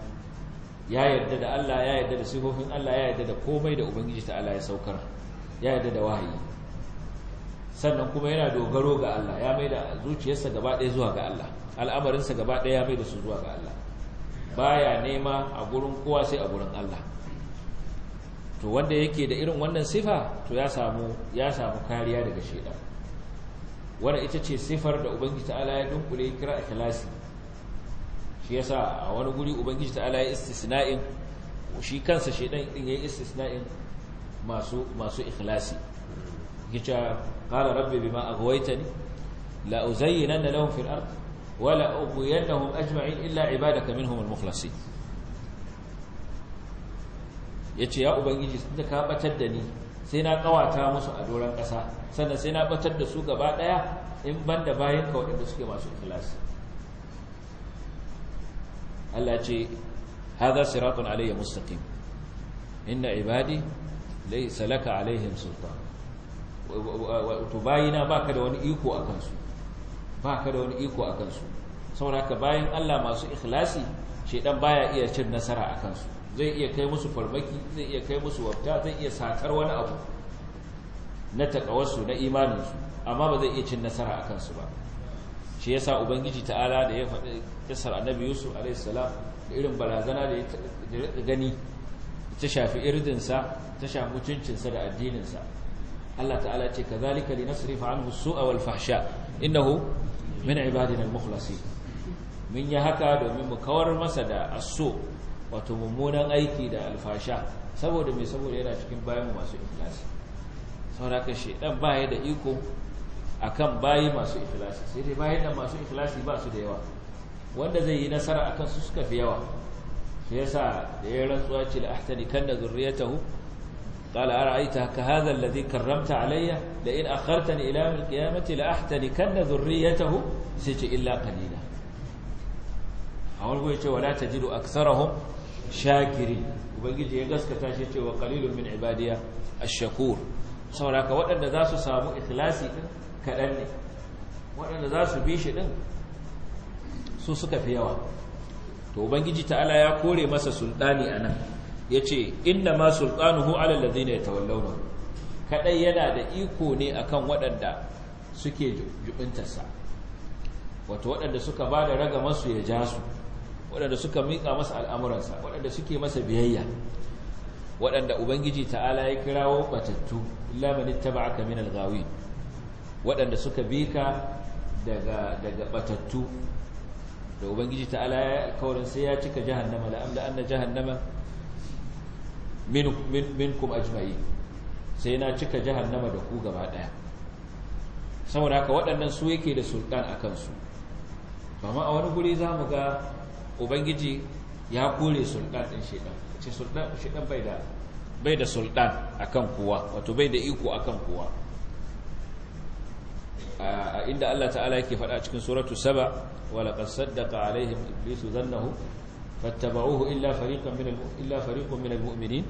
ya yarda da Allah ya yarda da sifofin Allah ya yarda da komai da ubangiji ta Allah ya saukar ya yarda da wahayi sannan kuma yana dogaro ga Allah ya mai da zuciyarsa gaba ɗaya zuwa ga Allah al'amarinsa gaba ɗaya bai da su zuwa ga Allah baya nema a gurin kowa sai a gurin Allah to wanda yake da irin wannan sifa to ya samu ya samu kariya daga shaidan wanda ita ce sifar da ubangiji ta'ala ya dunkule kira ikhlasi shi yasa a wani guri ubangiji ta'ala ya istisna'in shi kansa shaidan din ya istisna'in masu masu ikhlasi gicha qala rabbi bima aghwaytani la uzayyinanna lahum fil ardh wala ubuyannahum ajma'in illa ibadaka minhum al-mukhlasin yace ya ubangiji tunda ka batar da ni sai na kawata musu a doran ƙasa, sannan sai na batar da su gaba daya in banda bayan ka waɗanda suke masu ikhlasi Allah ce hadha siratun alayya mustaqim inna ibadi laysa laka alaihim sultan tubayina baka da wani iko akan su baka da wani iko akan su saboda haka bayan Allah masu ikhlasi shedan baya iya cin nasara a su zai iya kai musu farmaki zai iya kai musu wafta zai iya satar wani abu na takawarsu na imaninsu amma ba zai iya cin nasara a su ba shi yasa ubangiji ta'ala da ya faɗi kisar annabi yusuf salam da irin barazana da ya gani ta shafi irdinsa ta shafi mutuncinsa da addininsa Allah ta'ala ce kazalika linasrifa anhu su'a wal fahsha innahu min ibadina al-mukhlasin min yi haka domin mu kawar masa da aso wato mummunan aiki da alfasha saboda mai saboda yana cikin bayanmu masu ikhlasi sauraka shedan baya da iko akan bayi masu ikhlasi sai dai bayan da masu ikhlasi ba su da yawa wanda zai yi nasara akan su suka fi yawa shi yasa da ya rantsuwa ce la ahtani kanna zurriyatahu qala ara'aita ka hadha alladhi karramta alayya la in akhartani ila yawm al-qiyamati la ahtani kanna zurriyatahu sai ce illa qalil a wani goyi cewa jiru a aktsarahum shakiri ubangiji ya gaskata shi ce wa kalilun min ibadiya a shakur saboda ka waɗanda za su samu ikilasi din kaɗan ne waɗanda za su bi shi din su suka fi yawa to ubangiji ta'ala ya kore masa sultani anan yace inna ma sultanuhu ala alladhina yatawallawna kadai yana da iko ne akan waɗanda suke jubintarsa wato waɗanda suka ba da raga masu ya ja su waɗanda suka miƙa masa al'amuransa waɗanda suke masa biyayya waɗanda ubangiji ta'ala ya kirawo batattu lamanin taba aka min algawi waɗanda suka bi ka daga batattu da ubangiji ta'ala ya kawarin sai ya cika jahannama la'amda an na jahannama kuma ajma'i sai na cika jahannama da ku gaba ɗaya saboda haka waɗannan su yake da sultan a kansu amma a wani guri za mu ga ubangiji ya kore sultan din shedan ce sultan shedan bai da bai da sultan akan kowa wato bai da iko akan kowa inda Allah ta'ala yake faɗa cikin suratu saba wala qad saddaqa alaihim iblisu zannahu fattaba'uhu illa fariqan min illa fariqan min almu'minin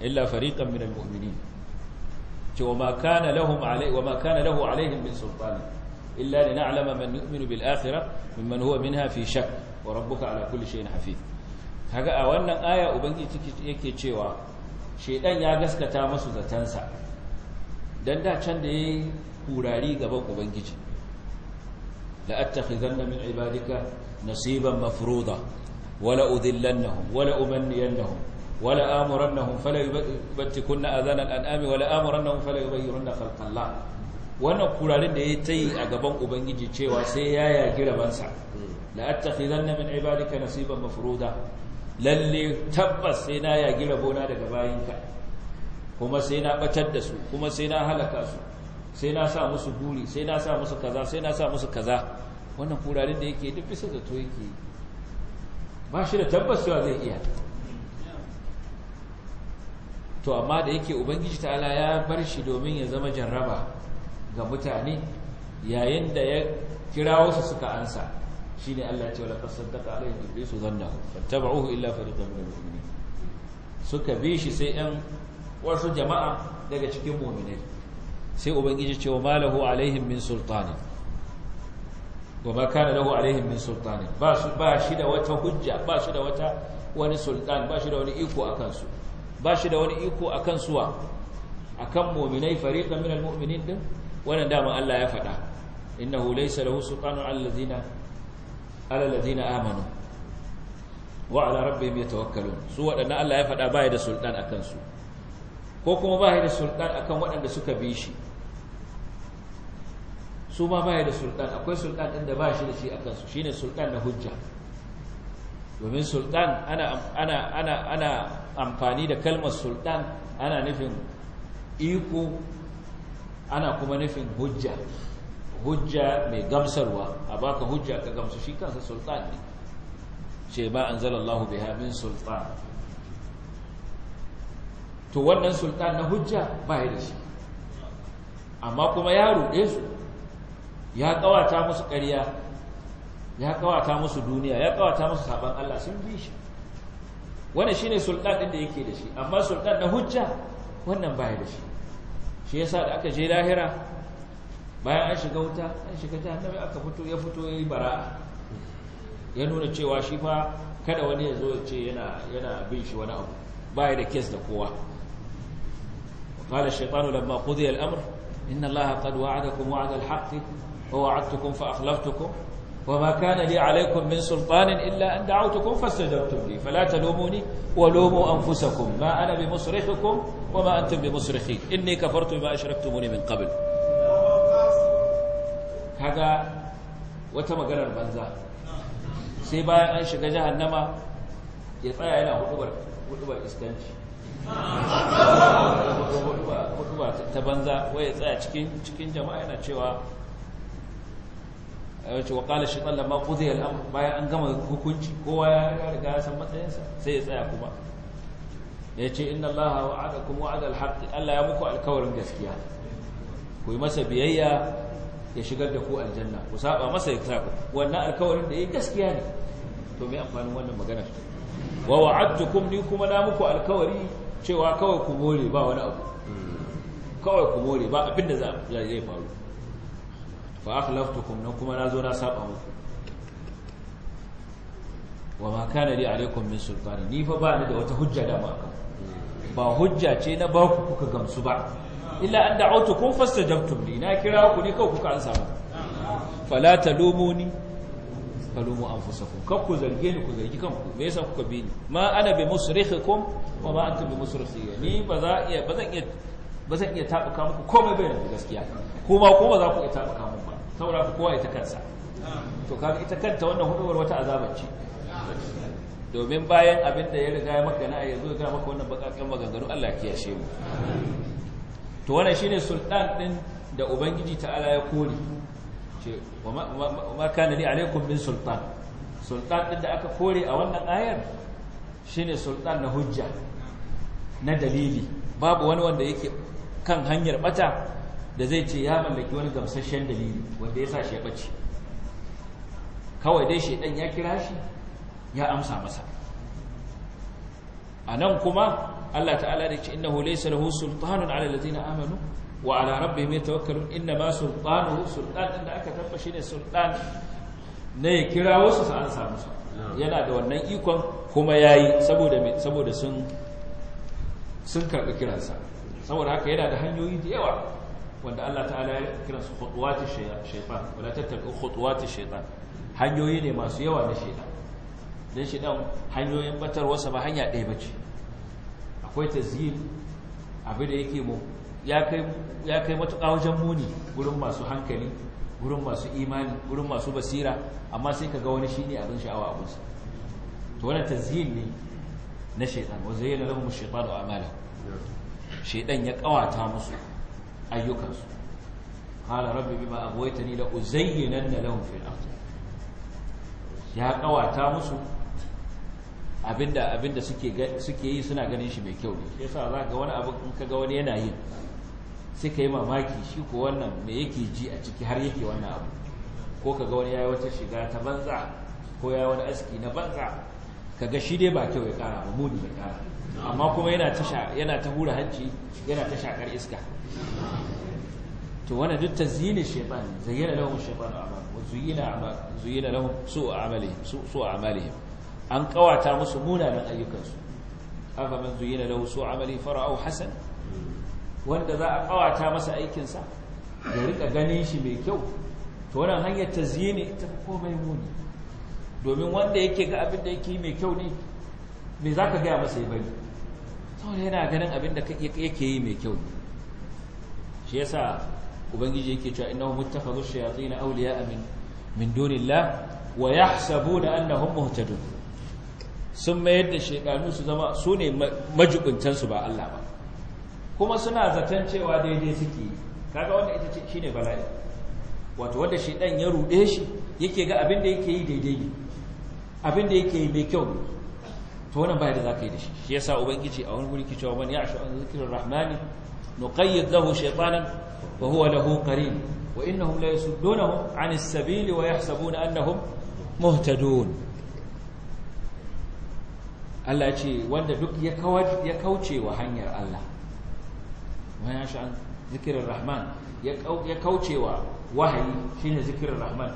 illa fariqan min almu'minin ce wa ma kana lahum alaihi wa ma kana lahu alaihim min sultan illa lin'alama man yu'minu bil akhirah mimman huwa minha fi shakk wa rabbuka ala kulli shay'in hafiz kaga a wannan aya ubangiji yake cewa shedan ya gaskata musu zatansa dan da can da yayi kurari gaban ubangiji la attakhizanna min ibadika nasiban mafruḍa wala udillannahum wala umanniyannahum ولا آمرنهم فلا يبتكن أذان الأنعام ولا آمرنهم فلا يغيرن خلق الله wannan kurarin da ya ta yi a gaban ubangiji cewa sai ya yaki rabansa la attakhidanna min ibadika nasiban mafruda lalle tabbas sai na gira bona daga bayinka kuma sai na batar da su kuma sai na halaka su sai na sa musu guri sai na sa musu kaza sai na sa musu kaza wannan kurarin da yake duk bisa zato yake ba shi da tabbas cewa zai iya to amma da yake ubangiji ta'ala ya bar shi domin ya zama jarraba ga mutane yayin da ya kirawo su suka ansa Shi ne Allah ya ce wala tasaddaqa alayhi iblis zannahu fattaba'uhu illa fariqan min al-mu'minin suka bi shi sai ɗan wasu jama'a daga cikin mu'minai sai ubangiji ce wa malahu alaihim min sultani wa ma kana lahu alaihim min sultani ba su ba shi da wata hujja ba shi da wata wani sultan ba shi da wani iko akan su ba shi da wani iko akan suwa akan mu'minai fariqan min al-mu'minin din wannan dama Allah ya faɗa innahu laysa lahu sultanun alladhina ala allazina amanu wa ala rabbihim yatawakkalun su wadannan Allah ya faɗa baya da sultan akan su ko kuma baya da sultan akan waɗanda suka bi shi su ma baya da sultan akwai sultan din da ba shi da shi akan su shine sultan na hujja domin sultan ana ana ana ana amfani da kalmar sultan ana nufin iko ana kuma nufin hujja hujja mai gamsarwa a baka hujja ka gamsu shi kansa sultan ne ce ba an zala Allah biha min sultan to wannan sultan na hujja ba ya da shi amma kuma ya ruɗe su ya kawata musu ƙarya ya kawata musu duniya ya kawata musu saban Allah sun bi shi wannan shine sultan din da yake da shi amma sultan na hujja wannan ba ya da shi shi yasa da aka je lahira bayan an shiga wuta an shiga jahannami aka fito ya fito yayi bara'a ya nuna cewa shi fa kada wani ya zo ya ce yana yana bin shi wani abu baya da kes da kowa قال الشيطان لما قضي الأمر إن الله قد وعدكم وعد الحق ووعدتكم فأخلفتكم وما كان لي عليكم من سلطان إلا أن دعوتكم فاستجبتم لي فلا تلوموني ولوموا أنفسكم ما أنا بمصرخكم وما أنتم بمصرخي إني كفرت بما أشركتموني من قبل kaga wata maganar banza sai bayan an shiga jahannama ya tsaya yana hudubar iskanci hudubar ta banza wai ya tsaya cikin jama'a yana cewa yawanci wa kala shi lamma qudiya al-amr bayan an gama hukunci kowa ya riga san matsayinsa sai ya tsaya kuma Ya yace inna allaha wa'adakum wa'ada al-haqq Allah ya muku alkawarin gaskiya ku yi masa biyayya ya shigar da ku aljanna ku saba masa ya saba wannan alkawarin da yake gaskiya ne to me amfanin wannan magana wa wa'adtukum ni kuma na muku alkawari cewa kawai ku more ba wani abu kawai ku more ba abin da zai faru fa akhlaftukum na kuma nazo na saba muku wa ma kana li alaikum min sultani ni fa ba ni da wata hujja da ma ba hujja ce na ba ku kuka gamsu ba illa an da'awtukum fastajabtum li na kira ku ne kawai kuka ansa mu fala talumuni kalumu anfusakum kar ku zarge ni ku zargi kanku me yasa kuka bi ni ma ana bi musrikhikum wa ma antum bi musrikhi ni ba za iya ba zan iya ba zan iya tabuka muku komai bai da gaskiya kuma ko ba za ku iya tabuka muku ba saboda kowa ita kansa to kaga ita kanta wannan hudubar wata azaba domin bayan abin da ya riga ya magana a yanzu ya gana maka wannan bakakken maganganu Allah ya kiyashe mu to wannan shine sultan din da ubangiji ta'ala ya kore ce wa kana li alaikum min sultan sultan din da aka kore a wannan ayar shine sultan na hujja na dalili babu wani wanda yake kan hanyar bata da zai ce ya mallaki wani gamsasshen dalili wanda ya sa shi ya bace kawai dai shedan ya kira shi ya amsa masa a nan kuma Allah ta'ala da ce innahu laysa lahu sultanun ala alladhina amanu wa ala rabbihim yatawakkalun inna ma sultanuhu sultan da aka tabba shine sultan ne kira wasu su an samu su yana da wannan ikon kuma yayi saboda saboda sun sun karɓi kiransa saboda haka yana da hanyoyi da yawa wanda Allah ta'ala ya kiran su khutuwati shaytan wala tattabi'u khutuwati shaytan hanyoyi ne masu yawa na shaytan dan shaytan hanyoyin batarwarsa ba hanya ɗaya bace akwai tazyib abin da yake mu ya kai matuƙa wajen muni gurin masu hankali gurin masu imani gurin masu basira amma sai ka ga wani shine abin sha'awa abinsa to ta tazyin ne na yana wa mu lahum da amala shaytan ya kawata musu ayyukansu hala rabbi bima aghwaytani la uzayyinanna na lahun fil'ar ya kawata musu abinda abinda suke suke yi suna ganin shi mai kyau ne yasa za ga wani abu in kaga wani yana yin sai ka yi mamaki shi ko wannan me yake ji a ciki har yake wannan abu ko kaga wani yayi wata shiga ta banza ko yayi wani aski na banza kaga shi dai ba kyau ya kara ba muni ya kara amma kuma yana ta yana ta hura hanci yana ta shakar iska to wannan duk tazini shaytan zayyana lahu shaytan a'mal wa zuyina a'mal zuyina lahu su'u amali su'u amali an kawata musu munanan ayyukansu afa man zuyina lahu su'amali fara'u hasan wanda za a kawata masa aikinsa ya rika ganin shi mai kyau to wannan hanyar tazyini ita komai muni domin wanda yake ga abin da yake mai kyau ne me zaka ga masa ya bari saboda yana ganin abin da yake yi mai kyau ne shi yasa ubangiji yake cewa innahum muttakhadhu shayatin awliya min min dunillah wa yahsabuna annahum muhtadun sun mayar da shaidanu su zama su ne majibincansu ba Allah ba kuma suna zaton cewa daidai suke kaga wanda ita ce shine bala'i wato wanda shaidan ya rude shi yake ga abin da yake yi daidai ne abin da yake yi mai kyau to wannan ba da zaka yi da shi shi yasa ubangiji a wani guri ke cewa man ya'shu an zikrir rahmani nuqayyid lahu shaytanan wa huwa lahu qarin wa innahum la yasuddunahum 'anis sabili wa yahsabuna annahum muhtadun Allah ya ce wanda duk ya kawar kauce wa hanyar Allah wa ya sha'an zikirin rahman ya kauce wa wahayi ne zikirin rahman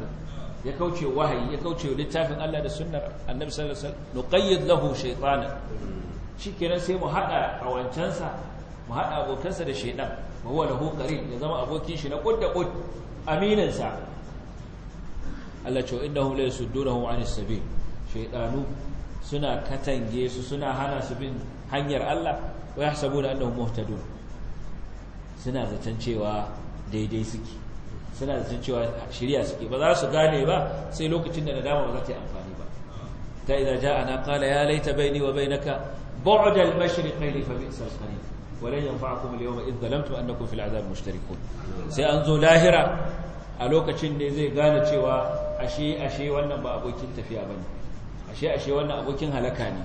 ya kauce wahayi ya kauce littafin Allah da sunar annabi sallallahu alaihi wasallam nuqayyid lahu shaytana shikenan sai mu hada kawancansa mu hada abokansa da shaydan wa huwa lahu qarin ya zama abokin shi na kudda kud aminin sa Allah ce innahu la yasuddunahu anis sabil shaytanu suna katange su suna hana su bin hanyar Allah wa yahsabuna annahum muhtadun suna zaton cewa daidai suke suna zaton cewa shirya suke ba za su gane ba sai lokacin da nadama ba za ta yi amfani ba ta idza ja'ana qala ya laita baini wa bainaka bu'da al-mashriqayn fa bi'sa al-qarin wa lan yanfa'akum al-yawma idh zalamtum annakum fil 'adab mushtarikun sai an zo lahira a lokacin ne zai gane cewa ashe ashe wannan ba abokin tafiya bane ashe ashe wannan abokin halaka ne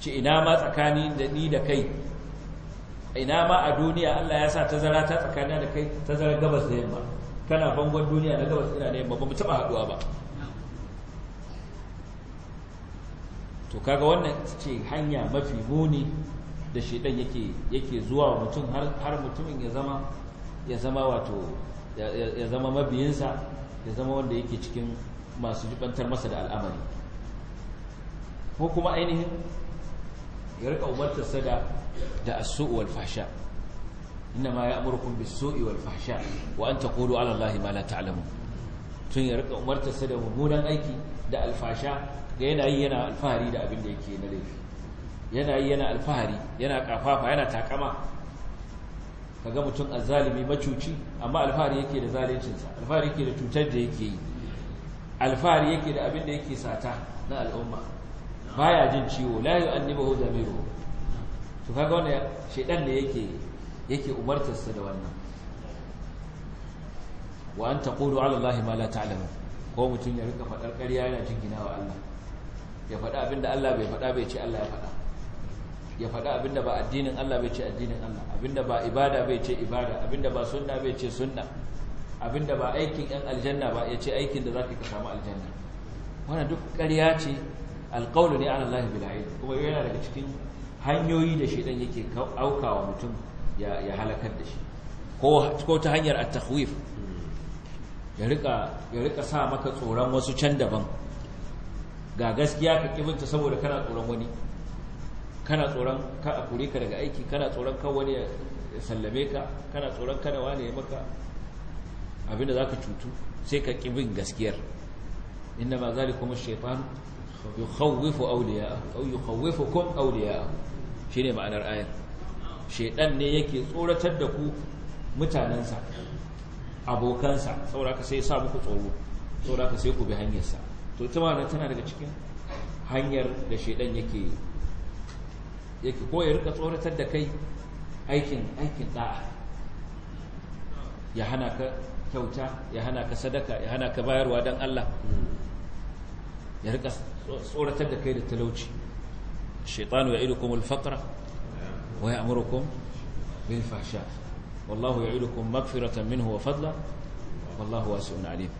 ci ina ma tsakani da ni da kai ina ma a duniya Allah ya sa tazara ta tsakani da kai tazara gabas da yamma kana bangon duniya na gabas ina da yamma ba mu taba haduwa ba to kaga wannan ce hanya mafi muni da shedan yake yake zuwa mutum har har mutumin ya zama ya zama wato ya zama mabiyinsa ya zama wanda yake cikin masu jibantar masa da al'amari ko kuma ainihin ya riƙa umartar sada da as-su'u wal fahsha ya ma ya'murukum bis-su'i wal fahsha wa an taqulu 'ala Allahi ma la ta'lamun tun ya rika umartar sada mummunan aiki da alfasha da yana yi yana alfahari da abin da yake na laifi yana yi yana alfahari yana kafafa yana takama Ka ga mutum azzalimi macuci amma alfahari yake da zalincinsa alfahari yake da cutar da yake yi alfahari yake da abin da yake sata na al'umma baya jin ciwo la yu'annibahu damiru to kaga wani shaidan ne yake yake umartarsa da wannan wa an kudu ala ma la ta'lamu ko mutum ya rika fadar ƙarya yana gina wa Allah ya faɗa abinda Allah bai faɗa bai ce Allah ya faɗa ya faɗa abinda ba addinin Allah bai ce addinin Allah abinda ba ibada bai ce ibada abinda ba sunna bai ce sunna abinda ba aikin ƴan aljanna ba ya ce aikin da za ka samu aljanna wannan duk ƙarya ce alqawlu ne ala Allah bil kuma yana daga cikin hanyoyi da shedan yake aukawa mutum ya halakar da shi ko ta hanyar at ya rika sa maka tsoron wasu can daban ga gaskiya ka kibinta saboda kana tsoron wani kana tsoron ka a ka daga aiki kana tsoron kan wani ya sallame ka kana tsoron kada wani ya maka abinda za ka cutu sai ka ƙibin gaskiyar inda ma zali kuma shaifanu yukhawwifu awliya'ahu aw yukhawwifukum awliya'ahu shine ma'anar ayat shedan ne yake tsoratar da ku mutanansa abokansa saboda ka sai sa muku tsoro saboda ka sai ku bi hanyarsa to ita ma tana daga cikin hanyar da shedan yake yake ko ya rika tsoratar da kai aikin aikin da'a ya hana ka kyauta ya hana ka sadaka ya hana ka bayarwa dan Allah ya rika tsoratar da kai da talauci shaitanu ya'idukum al-faqra wa ya'murukum bil fahsha wallahu ya'idukum maghfiratan minhu wa fadla wallahu na alim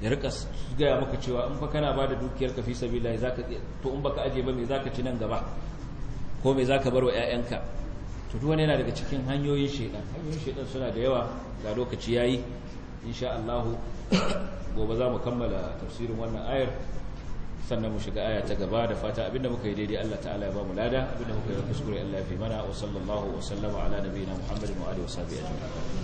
ya rika gaya maka cewa in fa kana bada dukiyar ka fi sabilillah zaka to in ba ka aje ba me zaka ci nan gaba ko me ka bar wa ƴaƴanka to duk wani yana daga cikin hanyoyin shaitan hanyoyin shaitan suna da yawa ga lokaci yayi insha Allah gobe za mu kammala tafsirin wannan ayar sannan mu shiga aya ta gaba da fata abinda muka yi daidai Allah ta'ala ya ba mu lada abinda muka yi kuskure Allah ya fi mana wa sallallahu wa sallama ala nabiyina Muhammadin wa alihi wa sahbihi ajma'in